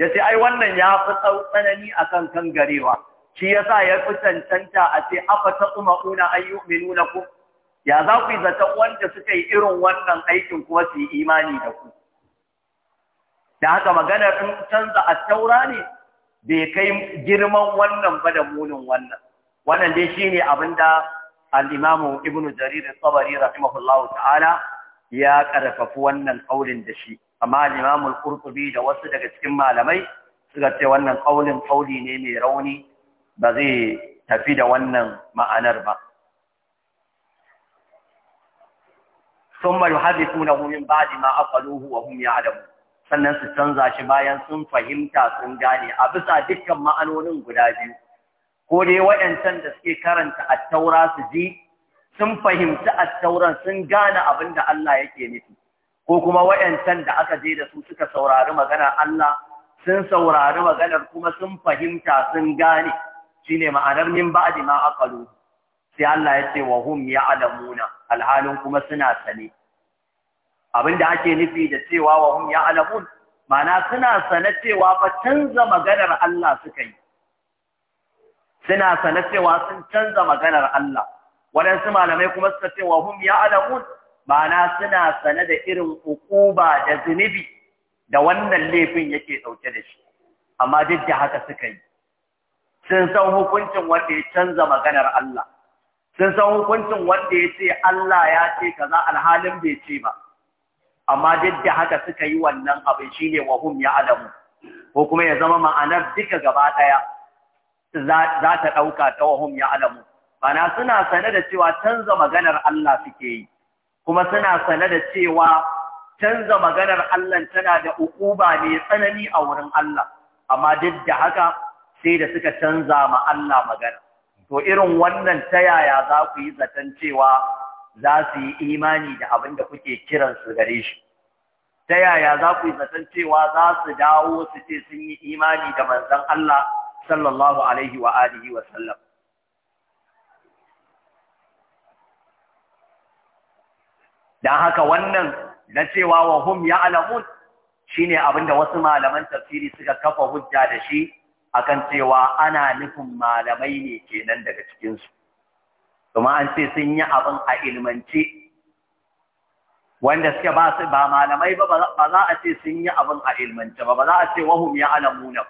Ya ce, ai wannan ya fi tsanani akan kangarewa, shi ya sa ya fi cancanta a ce, afa ta umaruna an yi umaruna ya za ku yi zaton wanda suka yi irin wannan aikin kuma su yi imani da ku da haka maganar in canza a taura ne bai kai girman wannan ba da munin wannan wannan dai shi ne abin da al’imamu Ibn ibnu jarir al-tabari rahimahullahu ta'ala ya ƙarfafi wannan ƙaunin da shi amma al’imamu imamu da wasu daga cikin malamai suka ce wannan ƙaunin ƙauni ne mai rauni ba zai tafi da wannan ma'anar ba thumma yuhadithunahu min ba'di ma akwaluhu wa ya Adamu, sannan su canza shi bayan sun fahimta sun gane a bisa dukkan ma'anonin guda biyu ko dai wa'yancan da suke karanta attaura su ji sun fahimci attauran sun gane abin da Allah yake nufi ko kuma wa'yancan da aka je da su suka saurari maganar Allah sun saurari maganar kuma sun fahimta sun gane shine ma'anar min ba'di ma aqaluhu sai Allah ya ce wa hum ya'lamuna alhalin kuma suna sane abinda ake nufi da cewa wa hum ya'lamun ma'ana suna sane cewa fa canza maganar Allah suka yi suna sane cewa sun canza maganar Allah waɗansu malamai kuma suka ce wa hum ya'lamun ma'ana suna sane da irin ukuba da zunubi da wannan laifin yake dauke da shi amma duk da haka suka yi sun san hukuncin wanda ya canza maganar Allah sun san hukuncin wanda ya ce Allah ya ce ka za alhalin bai ce ba amma duk da haka suka yi wannan abin shine wa hum ya alamu ko kuma ya zama ma'anar duka gaba ɗaya za ta ɗauka ta wa hum ya alamu bana suna sane da cewa canza maganar Allah suke yi kuma suna sane da cewa canza maganar Allah tana da ukuba ne tsanani a wurin Allah amma duk da haka sai da suka canza ma Allah magana to irin wannan ta yaya za ku yi zaton cewa za su yi imani da abin da kuke kiransu gare shi ta yaya za ku yi zaton cewa za su dawo su ce sun yi imani da manzan Allah sallallahu alaihi wa alihi wa sallam dan haka wannan na cewa wa hum ya'lamun shine abinda wasu malaman tafsiri suka kafa hujja da shi akan cewa ana nufin malamai ne kenan daga cikinsu kuma an ce sun yi abin a ilmance wanda suke ba su ba malamai ba ba za a ce sun yi abin a ilmance ba ba za a ce wahum ya alamuna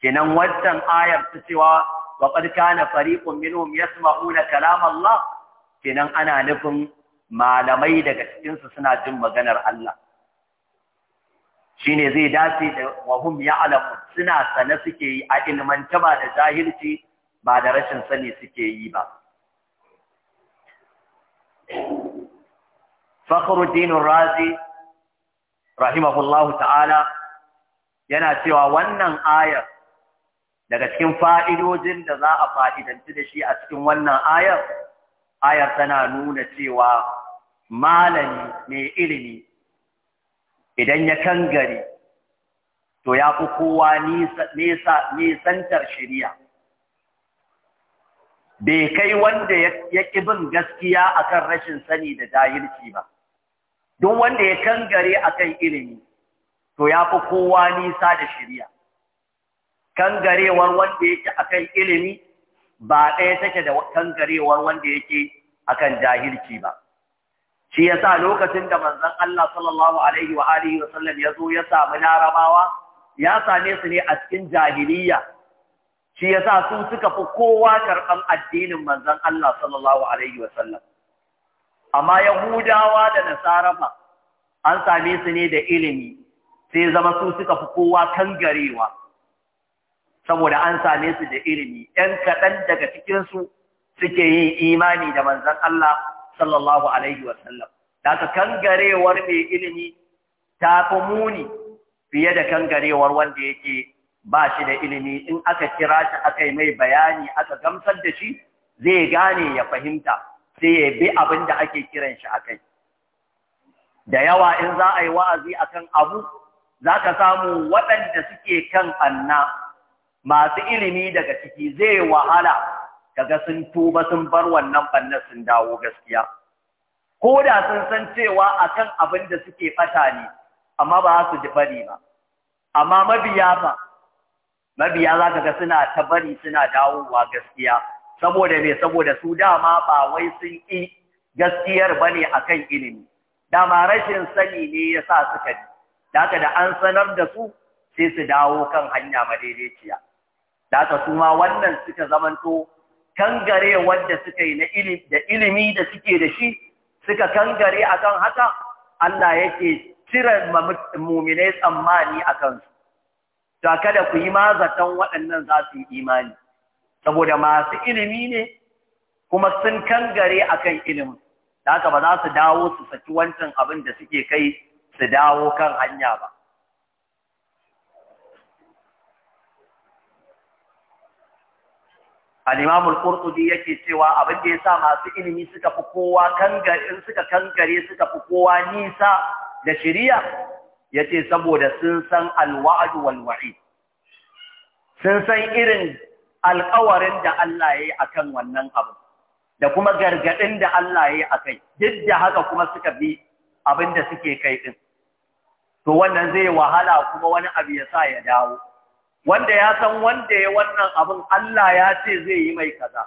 kenan wancan ayar ta cewa wa qad kana fariqun minhum na kalam Allah kenan ana nufin malamai daga cikinsu suna jin maganar Allah shine zai dace da wahum ya'lamu suna sane suke yi a ilmanta ba da jahilci ba da rashin sani suke yi ba Fakhruddin Razi rahimahullahu ta'ala yana cewa wannan ayar daga cikin fa'idojin da za a fa'idanci da shi a cikin wannan ayar ayar tana nuna cewa malami mai ilimi idan ya kangare to ya fi kowa nisantar shirya bai kai wanda ya ƙi bin gaskiya akan rashin sani da jahilci ba Don wanda ya kangare akan ilimi to ya fi kowa nisa da shirya kangarewar wanda yake akan ilimi ba ɗaya take da kangarewar wanda yake akan jahilci ba shi sa lokacin da manzan Allah sallallahu alaihi wa alihi wa sallam ya zo ya sami larabawa ya same su ne a cikin jahiliya shi sa su suka fi kowa karɓar addinin manzan Allah sallallahu alaihi wa sallam amma yahudawa da nasarafa an same su ne da ilimi sai zama su suka fi kowa kangarewa saboda an same su da ilimi Yan kaɗan daga cikinsu suke yin imani da manzan Allah sallallahu alaihi wa sallam daga kangarewar mai ilimi ta fi muni fiye da kangarewar wanda yake ba shi da ilimi in aka kira shi aka yi mai bayani aka gamsar da shi zai gane ya fahimta sai ya bi abin da ake kiran shi akai da yawa in za a yi wa'azi akan abu za ka samu waɗanda suke kan anna masu ilimi daga ciki zai wahala kaga sun tuba sun bar wannan bannan sun dawo gaskiya ko da sun san cewa akan abin da suke fata ne amma ba su ji bari ba amma mabiya ba mabiya za ka ga suna ta bari suna dawowa gaskiya saboda me saboda su dama ba wai sun ƙi gaskiyar bane akan ilimi dama rashin sani ne ya sa suka ji da da an sanar da su sai su dawo kan hanya madaidaiciya da ka su ma wannan suka zamanto kangare wanda suka yi na ilimi da ilimi da suke da shi suka kangare akan haka Allah yake cire muminai tsammani a kansu ta kada ku yi mazatan waɗannan za su yi imani saboda masu ilimi ne kuma sun kangare akan ilimin da haka ba za su dawo su saki wancan abin da suke kai su dawo kan hanya ba al-imam al yake cewa abin da yasa masu ilimi suka fi kowa kangare suka kangare suka fi kowa nisa da shirya, ya ce saboda sun san al-wa'd sun san irin alƙawarin da Allah yayi akan wannan abu da kuma gargadin da Allah yayi akai duk da haka kuma suka bi abin da suke kai din to wannan zai wahala kuma wani abu ya sa ya dawo wanda ya san wanda ya wannan abin Allah ya ce zai yi mai kaza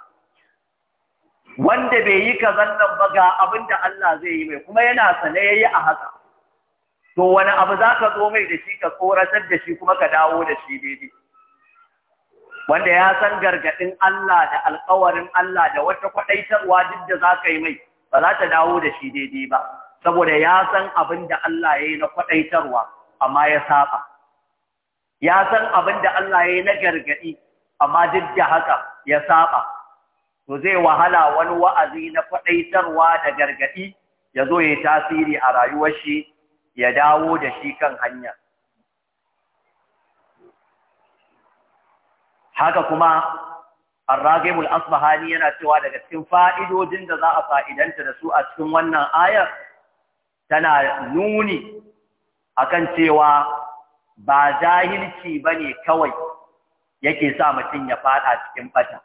wanda bai yi kazan nan ba ga abin da Allah zai yi mai kuma yana sane ya yi a haka to wani abu za ka zo mai da shi ka tsoratar da shi kuma ka dawo da shi daidai wanda ya san gargaɗin Allah da alkawarin Allah da wata kwaɗaitarwa duk da za ka yi mai ba za ta dawo da shi daidai ba saboda ya san abin da Allah ya yi na kwaɗaitarwa amma ya saba ya san abin da Allah ya yi na gargaɗi amma duk da haka ya saba to zai wahala wani wa'azi na faɗaitarwa da gargaɗi ya zo ya tasiri a rayuwar shi ya dawo da shi kan hanya haka kuma Arragimul Asbahani yana cewa daga cikin fa'idodin da za a fa'idanta da su a cikin wannan ayar tana nuni akan cewa ba jahilci ba ne kawai yake sa mutum ya fada cikin fata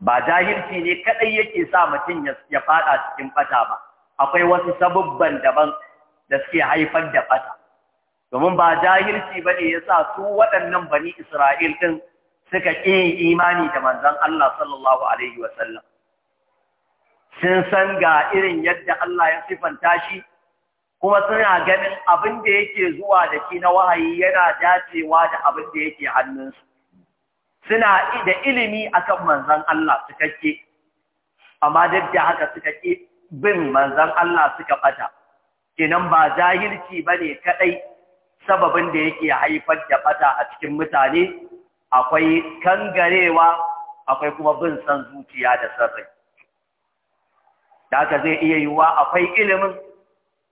ba jahilci ne kadai yake sa mutum ya fada cikin fata ba akwai wasu sabubban daban da suke haifar da fata domin ba jahilci bane ne ya sa su waɗannan bani Isra'il ɗin suka ƙi imani da manzan Allah sallallahu Alaihi wasallam. Sun san ga irin yadda Allah ya sifanta shi kuma suna ganin abin da yake zuwa da shi na wahayi yana dacewa da abin da yake hannunsu suna da ilimi akan manzan Allah suka ke. amma duk da haka suka ke, bin manzan Allah suka bata kenan ba jahilci bane kadai sababin da yake haifar da bata a cikin mutane akwai kangarewa akwai kuma bin san zuciya da sarrai da haka zai iya yiwuwa akwai ilimin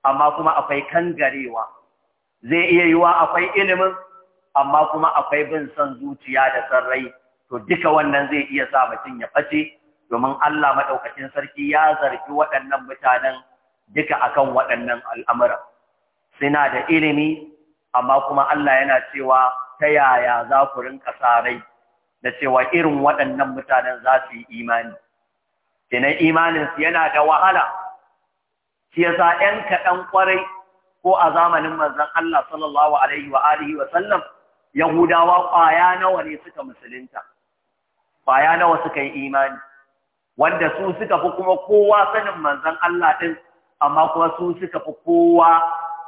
amma kuma akwai kangarewa zai iya yiwa akwai ilimin amma kuma akwai bin son zuciya da sarrai to duka wannan zai iya sa mutum ya fashe domin Allah madaukakin sarki ya zargi waɗannan mutanen duka akan waɗannan al'amuran suna da ilimi amma kuma Allah yana cewa ta yaya za ku rinka sarai da cewa irin waɗannan mutanen za su yi imani kenan imaninsu yana da wahala shi sa ɗan kaɗan ƙwarai ko a zamanin manzon Allah sallallahu alaihi wa alihi wa sallam Yahudawa ƙwaya nawa ne suka musulunta ƙwaya nawa suka yi imani wanda su suka fi kuma kowa sanin manzon Allah ɗin amma kuma su suka fi kowa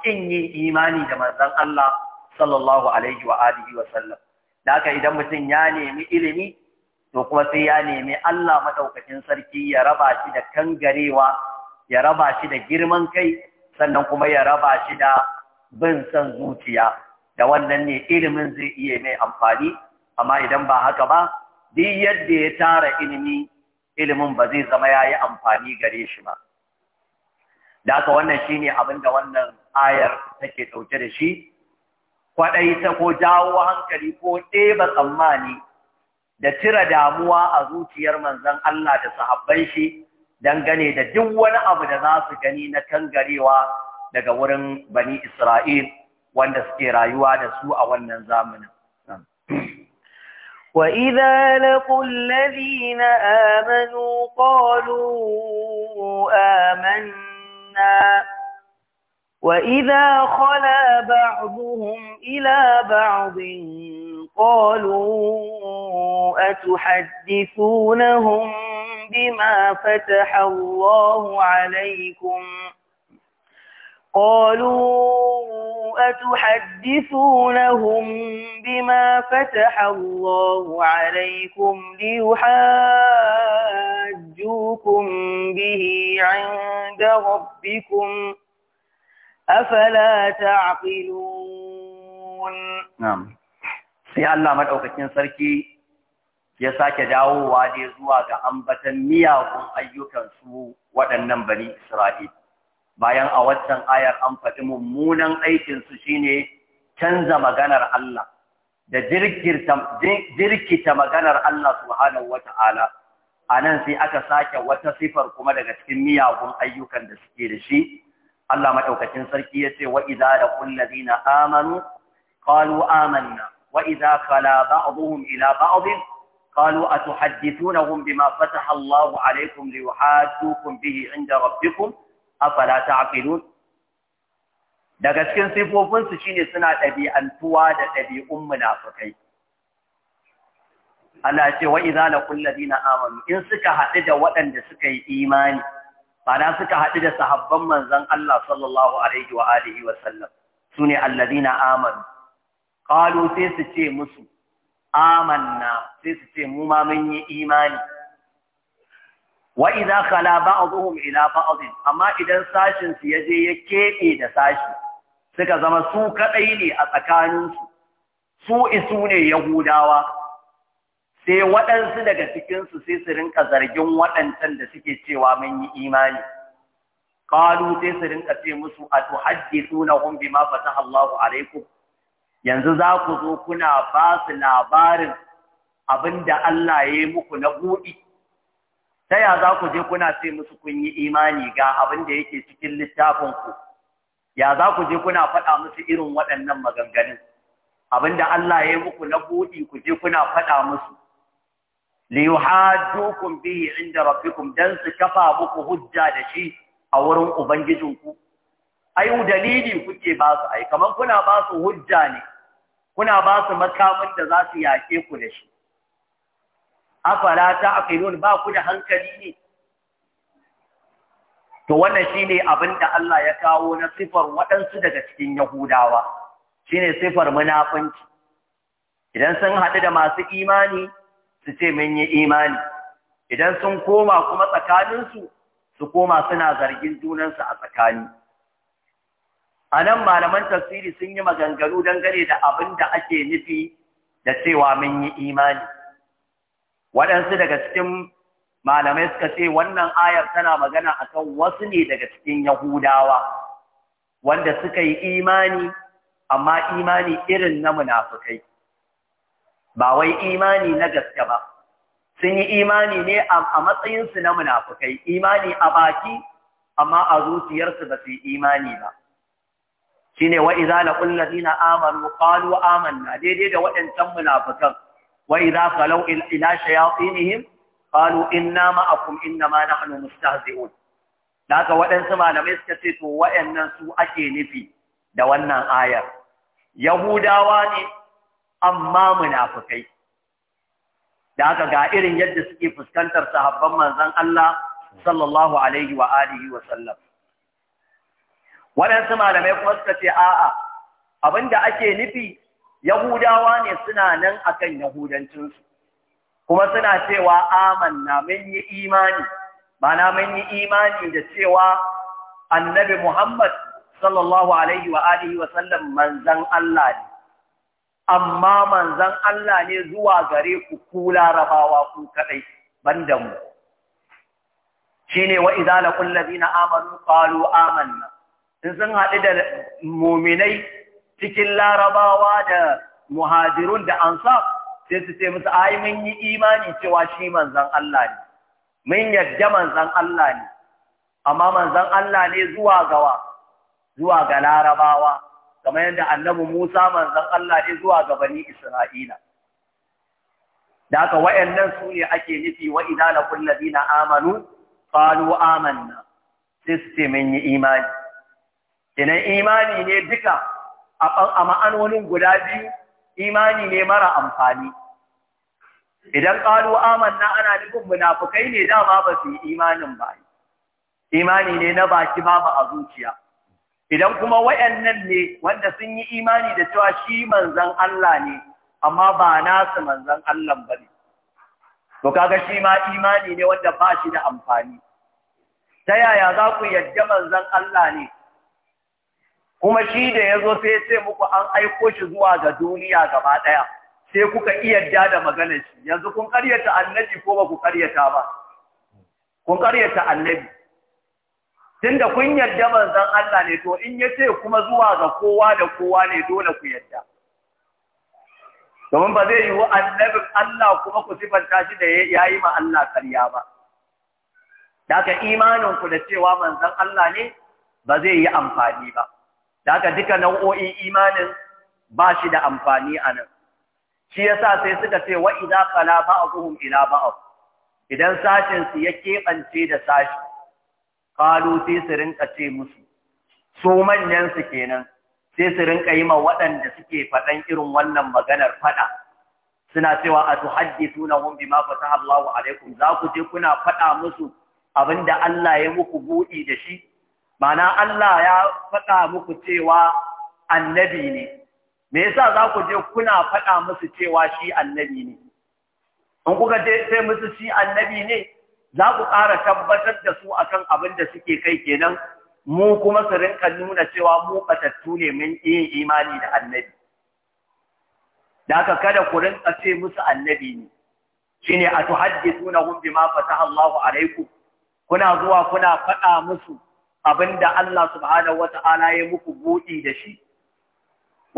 ƙin yin imani da manzan Allah sallallahu alaihi wa alihi wa sallam da haka idan mutum ya nemi ilimi to kuma sai ya nemi Allah madaukakin sarki ya raba shi da kangarewa ya raba shi da girman kai sannan kuma ya raba shi da bin son zuciya da wannan ne ilimin zai iya mai amfani amma idan ba haka ba duk yadda ya tara ilimi ilimin ba zai zama ya yi amfani gare shi ba da haka wannan shi ne abin da wannan ayar take ɗauke da shi kwaɗai ta ko jawo hankali ko ɗeba tsammani da cire damuwa a zuciyar manzon Allah da sahabban shi dangane da duk wani abu da za su gani na kangarewa daga wurin bani Isra'il wanda suke rayuwa da su a wannan zamanin. وَإِذَا لَقُوا الَّذِينَ آمَنُوا قَالُوا آمَنَّا وَإِذَا خَلَا بَعْضُهُمْ إِلَى بَعْضٍ قَالُوا أَتُحَدِّثُونَهُمْ بما فتح الله عليكم قالوا أتحدثونهم بما فتح الله عليكم ليحاجوكم به عند ربكم أفلا تعقلون نعم يا الله مدعوك تنسركي ya sake dawowa dai zuwa ga ambatan miyagun ayyukan su waɗannan bani Isra'il. Bayan a waccan ayar an faɗi mummunan aikinsu shine canza maganar Allah da jirkita maganar Allah subhanahu wata'ala A nan sai aka sake wata sifar kuma daga cikin miyagun ayyukan da suke da shi. Allah maɗaukacin sarki ya ce, wa'iza da kullabi na amanu, ƙalu amanna, wa'iza kala ba'aduhum ila ba'adun قالوا أتحدثونهم بما فتح الله عليكم ليحاجوكم به عند ربكم أفلا تعقلون daga cikin sifofinsu shine suna ɗabi'antuwa da ɗabi'un munafukai Ana ce wa na laqul ladina amanu in suka haɗu da waɗanda suka yi imani bana suka haɗu da sahabban manzan Allah sallallahu alaihi wa alihi wa sallam sune alladina amanu qalu sai su ce musu amanna sai su ce mu ma mun yi imani wa idza khala ba'dhum ila ba'd amma idan sashin su yaje ya kebe da sashi suka zama su kadai ne a tsakanin su su isu ne yahudawa sai waɗansu daga cikin su sai su rinka zargin waɗancan da suke cewa mun yi imani qalu sai su rinka ce musu atuhaddithunahum bima fataha Allahu alaikum yanzu za ku zo kuna ba su labarin abin da Allah ya yi muku na buɗi ta ya za ku je kuna sai musu kun yi imani ga abin da yake cikin littafinku ya za ku je kuna faɗa musu irin waɗannan maganganun abin da Allah ya yi muku na buɗi ku je kuna faɗa musu liyuhajjukum bihi inda rabbikum dan su kafa muku hujja da shi a wurin ubangijinku ayu dalili kuke ba su ai kamar kuna ba su hujja ne kuna ba su makamin da za su yaƙe ku da shi Afalata ta filon ba ku da hankali ne to wannan shine abin da Allah ya kawo na sifar waɗansu daga cikin Yahudawa shine sifar munafunci idan sun haɗu da masu imani su ce mun yi imani idan sun koma kuma tsakaninsu su koma suna zargin junansu a tsakani a nan malaman tafsiri sun yi maganganu dangane da abin da ake nufi da cewa mun yi imani waɗansu daga cikin malamai suka ce wannan ayar tana magana akan wasu ne daga cikin yahudawa wanda suka yi imani amma imani irin na munafukai ba wai imani na gaske ba sun yi imani ne a matsayinsu na munafukai imani a baki amma a zuciyarsu ba su yi imani ba shine wa idza laqul ladina amanu qalu amanna daidai da waɗancan munafikan wa idza qalu ila shayatinihim qalu inna ma'akum inna nahnu mustahzi'un daga waɗansu malamai suka ce to waɗannan su ake nufi da wannan ayar yahudawa ne amma munafikai da aka ga irin yadda suke fuskantar sahabban manzon Allah sallallahu alaihi wa alihi wa sallam waɗansu malamai kuma suka ce a'a abinda ake nufi yahudawa ne suna nan akan yahudancinsu kuma suna cewa amanna mun yi imani mana mun yi imani da cewa annabi Muhammad sallallahu alaihi wa alihi wa sallam manzan Allah ne amma manzan Allah ne zuwa gare ku ku larabawa ku kadai banda mu shine wa idza laqul ladina amanu qalu amanna in sun haɗu da muminai cikin larabawa da muhajirun da ansar sai su ce musu ai mun yi imani cewa shi manzan Allah ne mun yadda manzan Allah ne amma manzan Allah ne zuwa gawa zuwa ga larabawa kamar yadda annabi Musa manzan Allah ne zuwa ga bani Isra'ila da haka wayannan su ne ake nufi wa idza laqul ladina amanu qalu amanna sai su ce mun yi imani Inan imani ne duka a ma'anonin guda biyu, imani ne mara amfani. Idan ƙalu amanna ana nufin munafukai ne dama ba su yi imanin ba. Imani ne na baki babu a zuciya. Idan kuma wayannan ne wanda sun yi imani da cewa shi manzan Allah ne, amma ba nasu manzan Allah ba ne. To kaga shi ma imani ne wanda ba shi da amfani. Ta yaya za ku yadda manzan Allah ne, kuma shi da ya zo sai ya ce muku an aiko shi zuwa ga duniya gaba ɗaya sai kuka iya da maganar shi yanzu kun karyata annabi ko ba ku karyata ba kun karyata annabi tunda kun yarda manzon Allah ne to in ya ce kuma zuwa ga kowa da kowa ne dole ku yarda domin ba zai yiwu annabin Allah kuma ku sifanta shi da ya yi ma Allah karya ba daga imanin ku da cewa manzon Allah ne ba zai yi amfani ba da haka duka nau'o'in imanin ba shi da amfani a nan shi yasa sai suka ce wa idza qala ba'dhum ila ba'd idan sashin su ya keɓance da sashi qalu sai su rinka ce musu So manyan su kenan sai su rinka yi ma waɗanda suke faɗan irin wannan maganar faɗa suna cewa a tuhaddisunahum ta Allah wa alaikum za ku je kuna faɗa musu abinda Allah ya muku buɗi da shi Mana Allah ya faɗa muku cewa annabi ne, me yasa za ku je kuna faɗa musu cewa shi annabi ne? In kuka sai musu shi annabi ne, za ku ƙara tabbatar da su akan abin da suke kai kenan, mu kuma su rinka nuna cewa mu ɓatattu ne mun yin imani da annabi. Da aka kada ku rinka ce musu annabi ne, shi ne a tuhaddithunahum ma fataha Allahu alaikum. Kuna zuwa kuna faɗa musu Abin da Allah subhanahu wata'ala ya muku buɗi da shi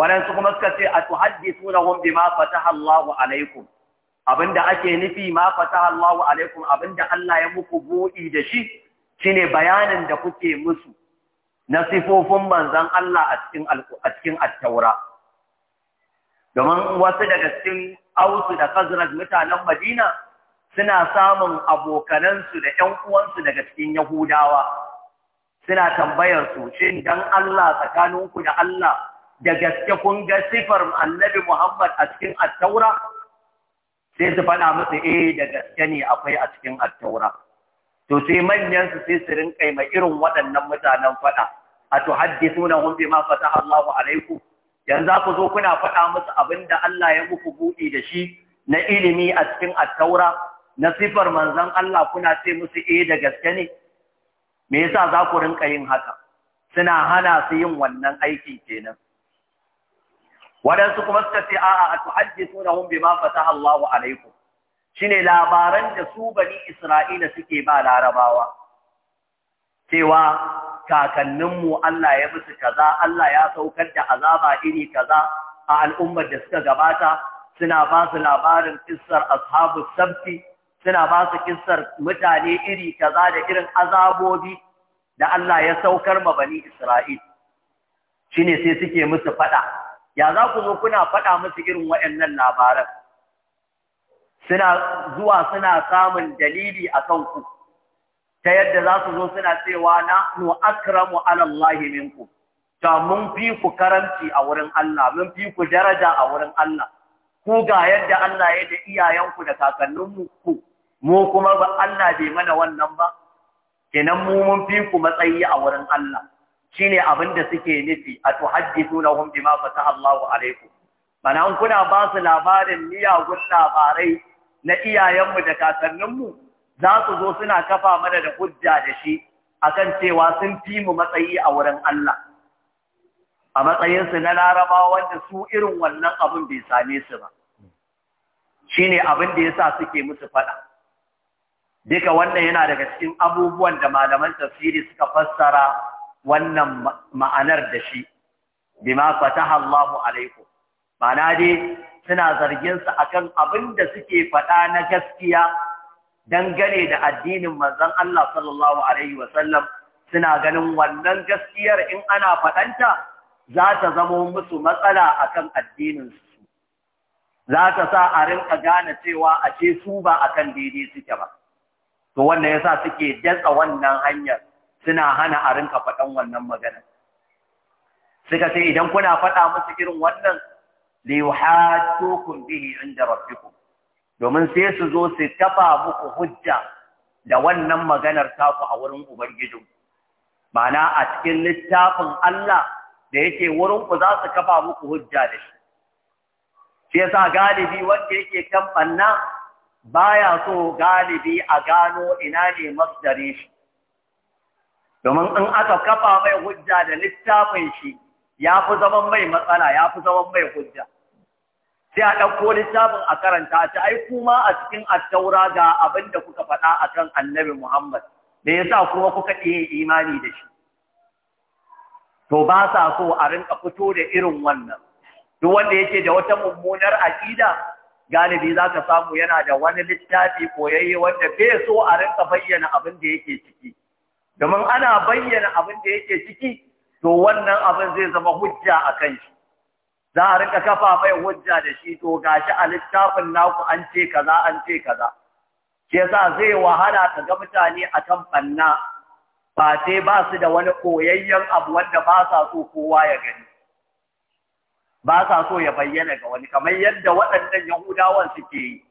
waɗansu kuma suka ce a tuhaddithunahum bima fataha Allahu alaikum Abin da ake nufi ma fataha Allahu alaikum abin da Allah ya muku buɗi da shi shine bayanin da kuke musu na sifofin manzon Allah a cikin a taura domin wasu daga cikin Ausu da Khazraj mutanen Madina suna samun abokanansu da 'yan uwansu daga cikin Yahudawa suna tambayar su shin dan Allah tsakaninku da Allah da gaske kun ga sifar annabi Muhammad a cikin attaura sai su faɗa musu eh da gaske ne akwai a cikin attaura to sai manyan su sai su rinka mai irin waɗannan mutanen faɗa a to haddisuna hum bima fataha Allahu alaiku? yanzu ku zo kuna faɗa musu abin da Allah ya muku buɗe da shi na ilimi a cikin attaura na sifar manzon Allah kuna ce musu eh da gaske ne me yasa za ku rinka yin haka suna hana su yin wannan aikin kenan waɗansu kuma suka ce a'a a tuhaddisunahum bima fataha Allahu alaikum shine labaran da su bani Isra'ila suke ba larabawa cewa mu Allah ya musu kaza Allah ya saukar da azaba iri kaza a al'ummar da suka gabata suna ba su labarin kissar ashabu sabti suna ba su kisar mutane iri kaza da irin azabobi da Allah ya saukar ma bani Isra'il shine sai suke musu fada ya za ku zo kuna fada musu irin waɗannan labaran suna zuwa suna samun dalili akan ku ta yadda za su zo suna cewa na nu akramu ala Allah ta mun fi ku karanci a wurin Allah mun fi ku daraja a wurin Allah ku ga yadda Allah ya da iyayenku da kakanninmu ku mu kuma ba Allah bai mana wannan ba kenan mu mun fi ku matsayi a wurin Allah shine abin da suke nufi a tuhaddithunahum bima fataha Allahu alaikum bana an kuna ba su labarin niyagun labarai na iyayenmu da kakanninmu za su zo suna kafa mana da hujja da shi akan cewa sun fi mu matsayi a wurin Allah a matsayinsu na larabawa wanda su irin wannan abin bai same su ba shine abin da yasa suke musu faɗa duka wannan yana daga cikin abubuwan da malaman tafsiri suka fassara wannan ma'anar da shi bima fataha Allahu alaikum ma'ana dai suna zargin su akan abin da suke faɗa na gaskiya dangane da addinin manzon Allah sallallahu alaihi wasallam suna ganin wannan gaskiyar in ana faɗanta za ta zamo musu matsala akan addininsu. su za ta sa a rinka gane cewa ashe su ba akan daidai suke ba to wannan sa suke datsa wannan hanyar suna hana a rinka faɗan wannan magana suka ce idan kuna faɗa musu irin wannan liyuhajjukum bihi inda rabbikum domin sai su zo su kafa muku hujja da wannan maganar taku a wurin ubangijin ma'ana a cikin littafin Allah da yake wurin ku za su kafa muku hujja da shi sai sa galibi wanda yake kan banna baya so galibi a gano ina ne masdare shi domin in aka kafa mai hujja da littafin shi ya fi zaman mai matsala ya fi zaman mai hujja sai a ɗauko littafin a karanta ta ai kuma a cikin attaura ga abin da kuka faɗa a kan annabi Muhammad da ya sa kuma kuka ɗaya imani da shi to ba sa so a rinka fito da irin wannan duk wanda yake da wata mummunar aƙida galibi za ka samu yana da wani littafi koyayye wanda bai so a rinka bayyana abin da yake ciki domin ana bayyana abin da yake ciki to wannan abin zai zama hujja a kan shi za a rinka kafa mai hujja da shi to gashi a littafin naku an ce kaza an ce kaza ke sa zai wahala ka ga mutane a kan Banna ba sai ba su da wani koyayyen abu wanda ba sa so kowa ya gani ba sa so ya bayyana ga wani kamar yadda waɗannan yahudawan suke yi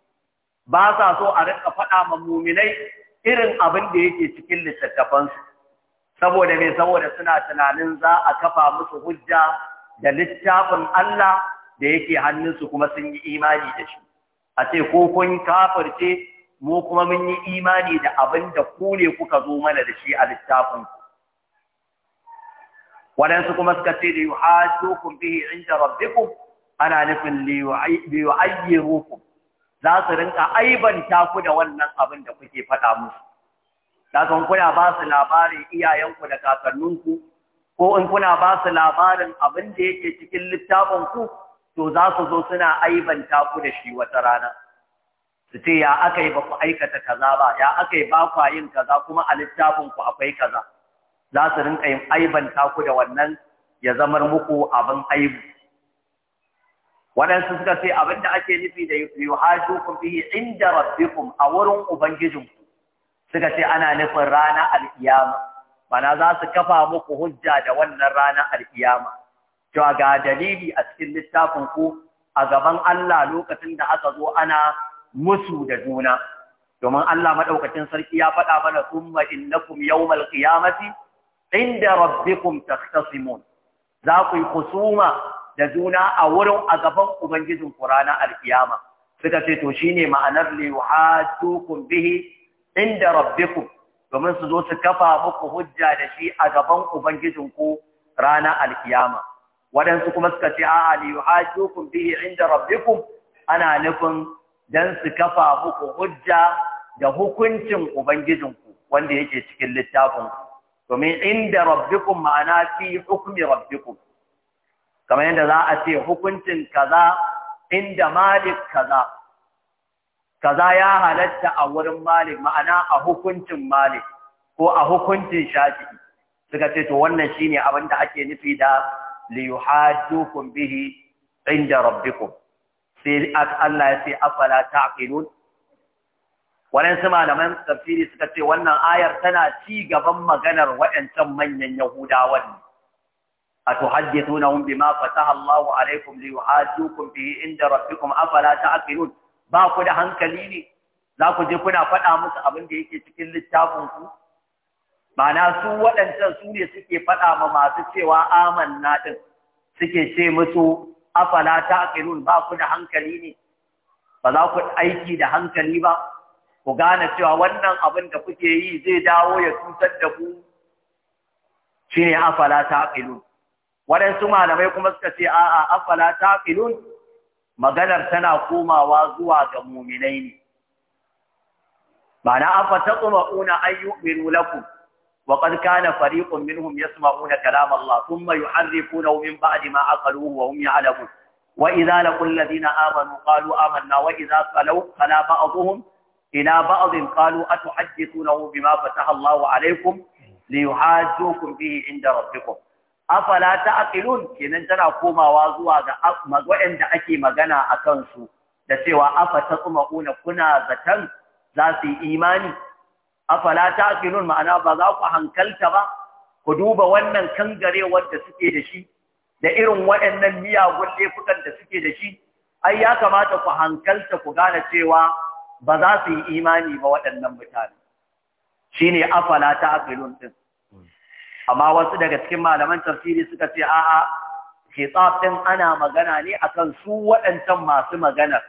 ba sa so a rinka faɗa ma muminai irin abin da yake cikin littattafansu saboda mai saboda suna tunanin za a kafa musu hujja da littafin Allah da yake hannunsu kuma sun yi imani da shi a ce ko kun kafirce mu kuma mun yi imani da abin da ku ne kuka zo mana da shi a littafin waɗansu kuma suka ce da yuhajjukum bihi inda rabbikum ana nufin li ruku za su rinka aibanta ku da wannan abin da kuke faɗa musu Za su kuna ba su labarin iyayenku da kakanninku ko in kuna ba su labarin abin da yake cikin littafinku, to za su zo suna aibanta ku da shi wata rana su ce ya aka yi ba ku aikata kaza ba ya aka yi ba ku yin kaza kuma a littafinku akwai kaza za su rinka yin aibanta ku da wannan ya zamar muku abin aibu waɗansu suka ce abin da ake nufi da fi yi inda rabbikum a wurin ubangijinku suka ce ana nufin rana al'iyama mana za su kafa muku hujja da wannan rana al'iyama cewa ga dalili a cikin littafin ku a gaban Allah lokacin da aka zo ana musu da juna domin Allah maɗaukacin sarki ya faɗa mana summa innakum yawmal qiyamati inda rabbikum takhtasimun za ku yi kusuma da juna a wurin a gaban ubangijin ku ranar alkiyama suka ce to shine ma'anar li yuhaddukum bihi inda rabbikum domin su zo su kafa muku hujja da shi a gaban ubangijin ku ranar alkiyama waɗansu kuma suka ce a'a li yuhaddukum bihi inda rabbikum ana nufin dan su kafa muku hujja da hukuncin ku wanda yake cikin littafinku domin inda rabbikum ma'ana fi hukmi rabbikum kamar yadda za a ce hukuncin kaza inda malik kaza kaza ya halatta a wurin malik ma'ana a hukuncin malik ko a hukuncin shafi'i suka ce to wannan shine abin da ake nufi da liyuhajjukum bihi inda rabbikum sai Allah ya ce afala ta'qilun waɗansu malaman tafsiri suka ce wannan ayar tana ci gaban maganar waɗancan manyan yahudawan ne a tuhaddithunahum bima fataha Allahu alaikum liyuhajjukum bihi inda rabbikum afala ta'qilun ba ku da hankali ne za ku je kuna faɗa musu abin da yake cikin littafin ku ma'ana su waɗancan su ne suke faɗa ma masu cewa amanna din suke ce musu afala ta'qilun ba ku da hankali ne ba za ku aiki da hankali ba ku gane cewa wannan abin da kuke yi zai dawo ya cutar da ku shi ne afala ta filun waɗansu malamai kuma suka ce a'a afala ta filun maganar tana komawa zuwa ga muminai ne na afa ta tsuma una ayyu'minu lakum wa qad kana fariqun minhum yasma'una kalam Allah thumma yuharrifunahu min ba'di ma aqaluhu wa hum ya'lamun wa idza laqul ladina amanu qalu amanna wa idza qalu qala ba'dhum ila ba'dhin qalu atuhaddithunahu bima fataha Allahu alaykum liyuhajjukum bihi inda rabbikum afala ta'qilun kenan tana komawa zuwa ga da ake magana a kansu da cewa afa tasma'una kuna zatan za su yi imani afala ta'qilun ma'ana ba za ku hankalta ba ku duba wannan kangarewar da suke da shi da irin waɗannan miyagun laifukan da suke da shi ai ya kamata ku hankalta ku gane cewa ba za su yi imani ba waɗannan mutane ne afala ta aqilun ɗin amma wasu daga cikin malaman tafsiri suka ce a'a khitab din ana magana ne akan su waɗancan masu maganar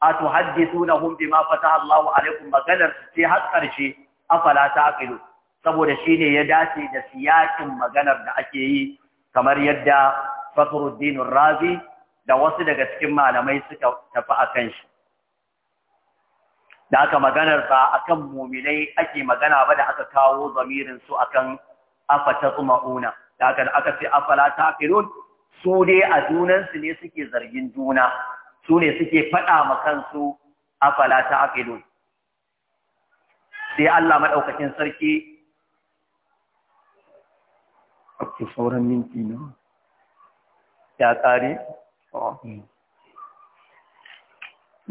atuhaddithunahum ma fataha Allahu alaikum maganar ce har ƙarshe afala ta aqilu saboda shine ya dace da siyakin maganar da ake yi kamar yadda Fakhruddin Razi da wasu daga cikin malamai suka tafi akan shi da aka maganar ba akan muminai ake magana ba da aka kawo zamirin su akan afata tsuma'una da aka aka ce afala tafirun su dai a su ne suke zargin juna su ne suke faɗa ma kansu afala tafirun sai Allah madaukakin sarki sauran minti ne ya kare oh.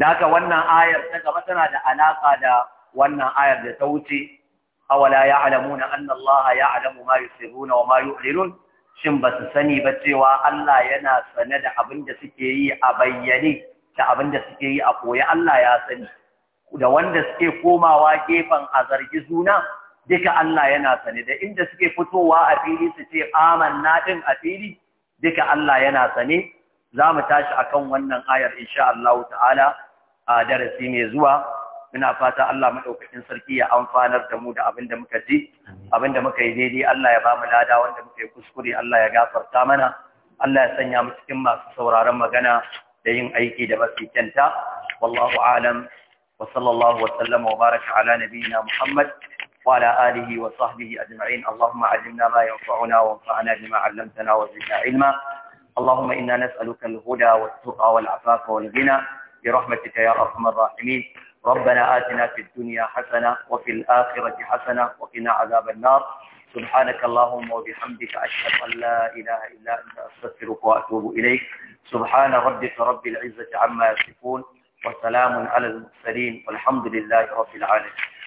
da haka wannan ayar ta gaba tana da alaƙa da wannan ayar da ta wuce awala ya'lamuna anna Allah ya'lamu ma yusirruna wa ma yu'linun shin ba su sani ba cewa Allah yana sane da abin da suke yi a bayyane da abin da suke yi a koyi Allah ya sani da wanda suke komawa gefen a zargi juna duka Allah yana sane da inda suke fitowa a fili su ce amanna din a fili duka Allah yana sane za mu tashi akan wannan ayar insha Allah ta'ala a darasi mai zuwa ina fata Allah madaukakin sarki ya amfanar da mu da abin da muka ji abin da muka yi daidai Allah ya ba mu lada wanda muka yi kuskure Allah ya gafarta mana Allah ya sanya mu cikin masu sauraron magana da yin aiki da mafi kyanta wallahu alam wa sallallahu wa sallama wa baraka ala nabiyyina Muhammad wa ala alihi wa sahbihi ajma'in Allahumma allimna ma yanfa'una wa anfa'na bima 'allamtana wa zidna ilma اللهم إنا نسألك الهدى والتقى والعفاف والغنى برحمتك يا أرحم الراحمين ربنا آتنا في الدنيا حسنة وفي الآخرة حسنة وقنا عذاب النار سبحانك اللهم وبحمدك أشهد أن لا إله إلا أنت أستغفرك وأتوب إليك سبحان ربك رب العزة عما يصفون وسلام على المرسلين والحمد لله رب العالمين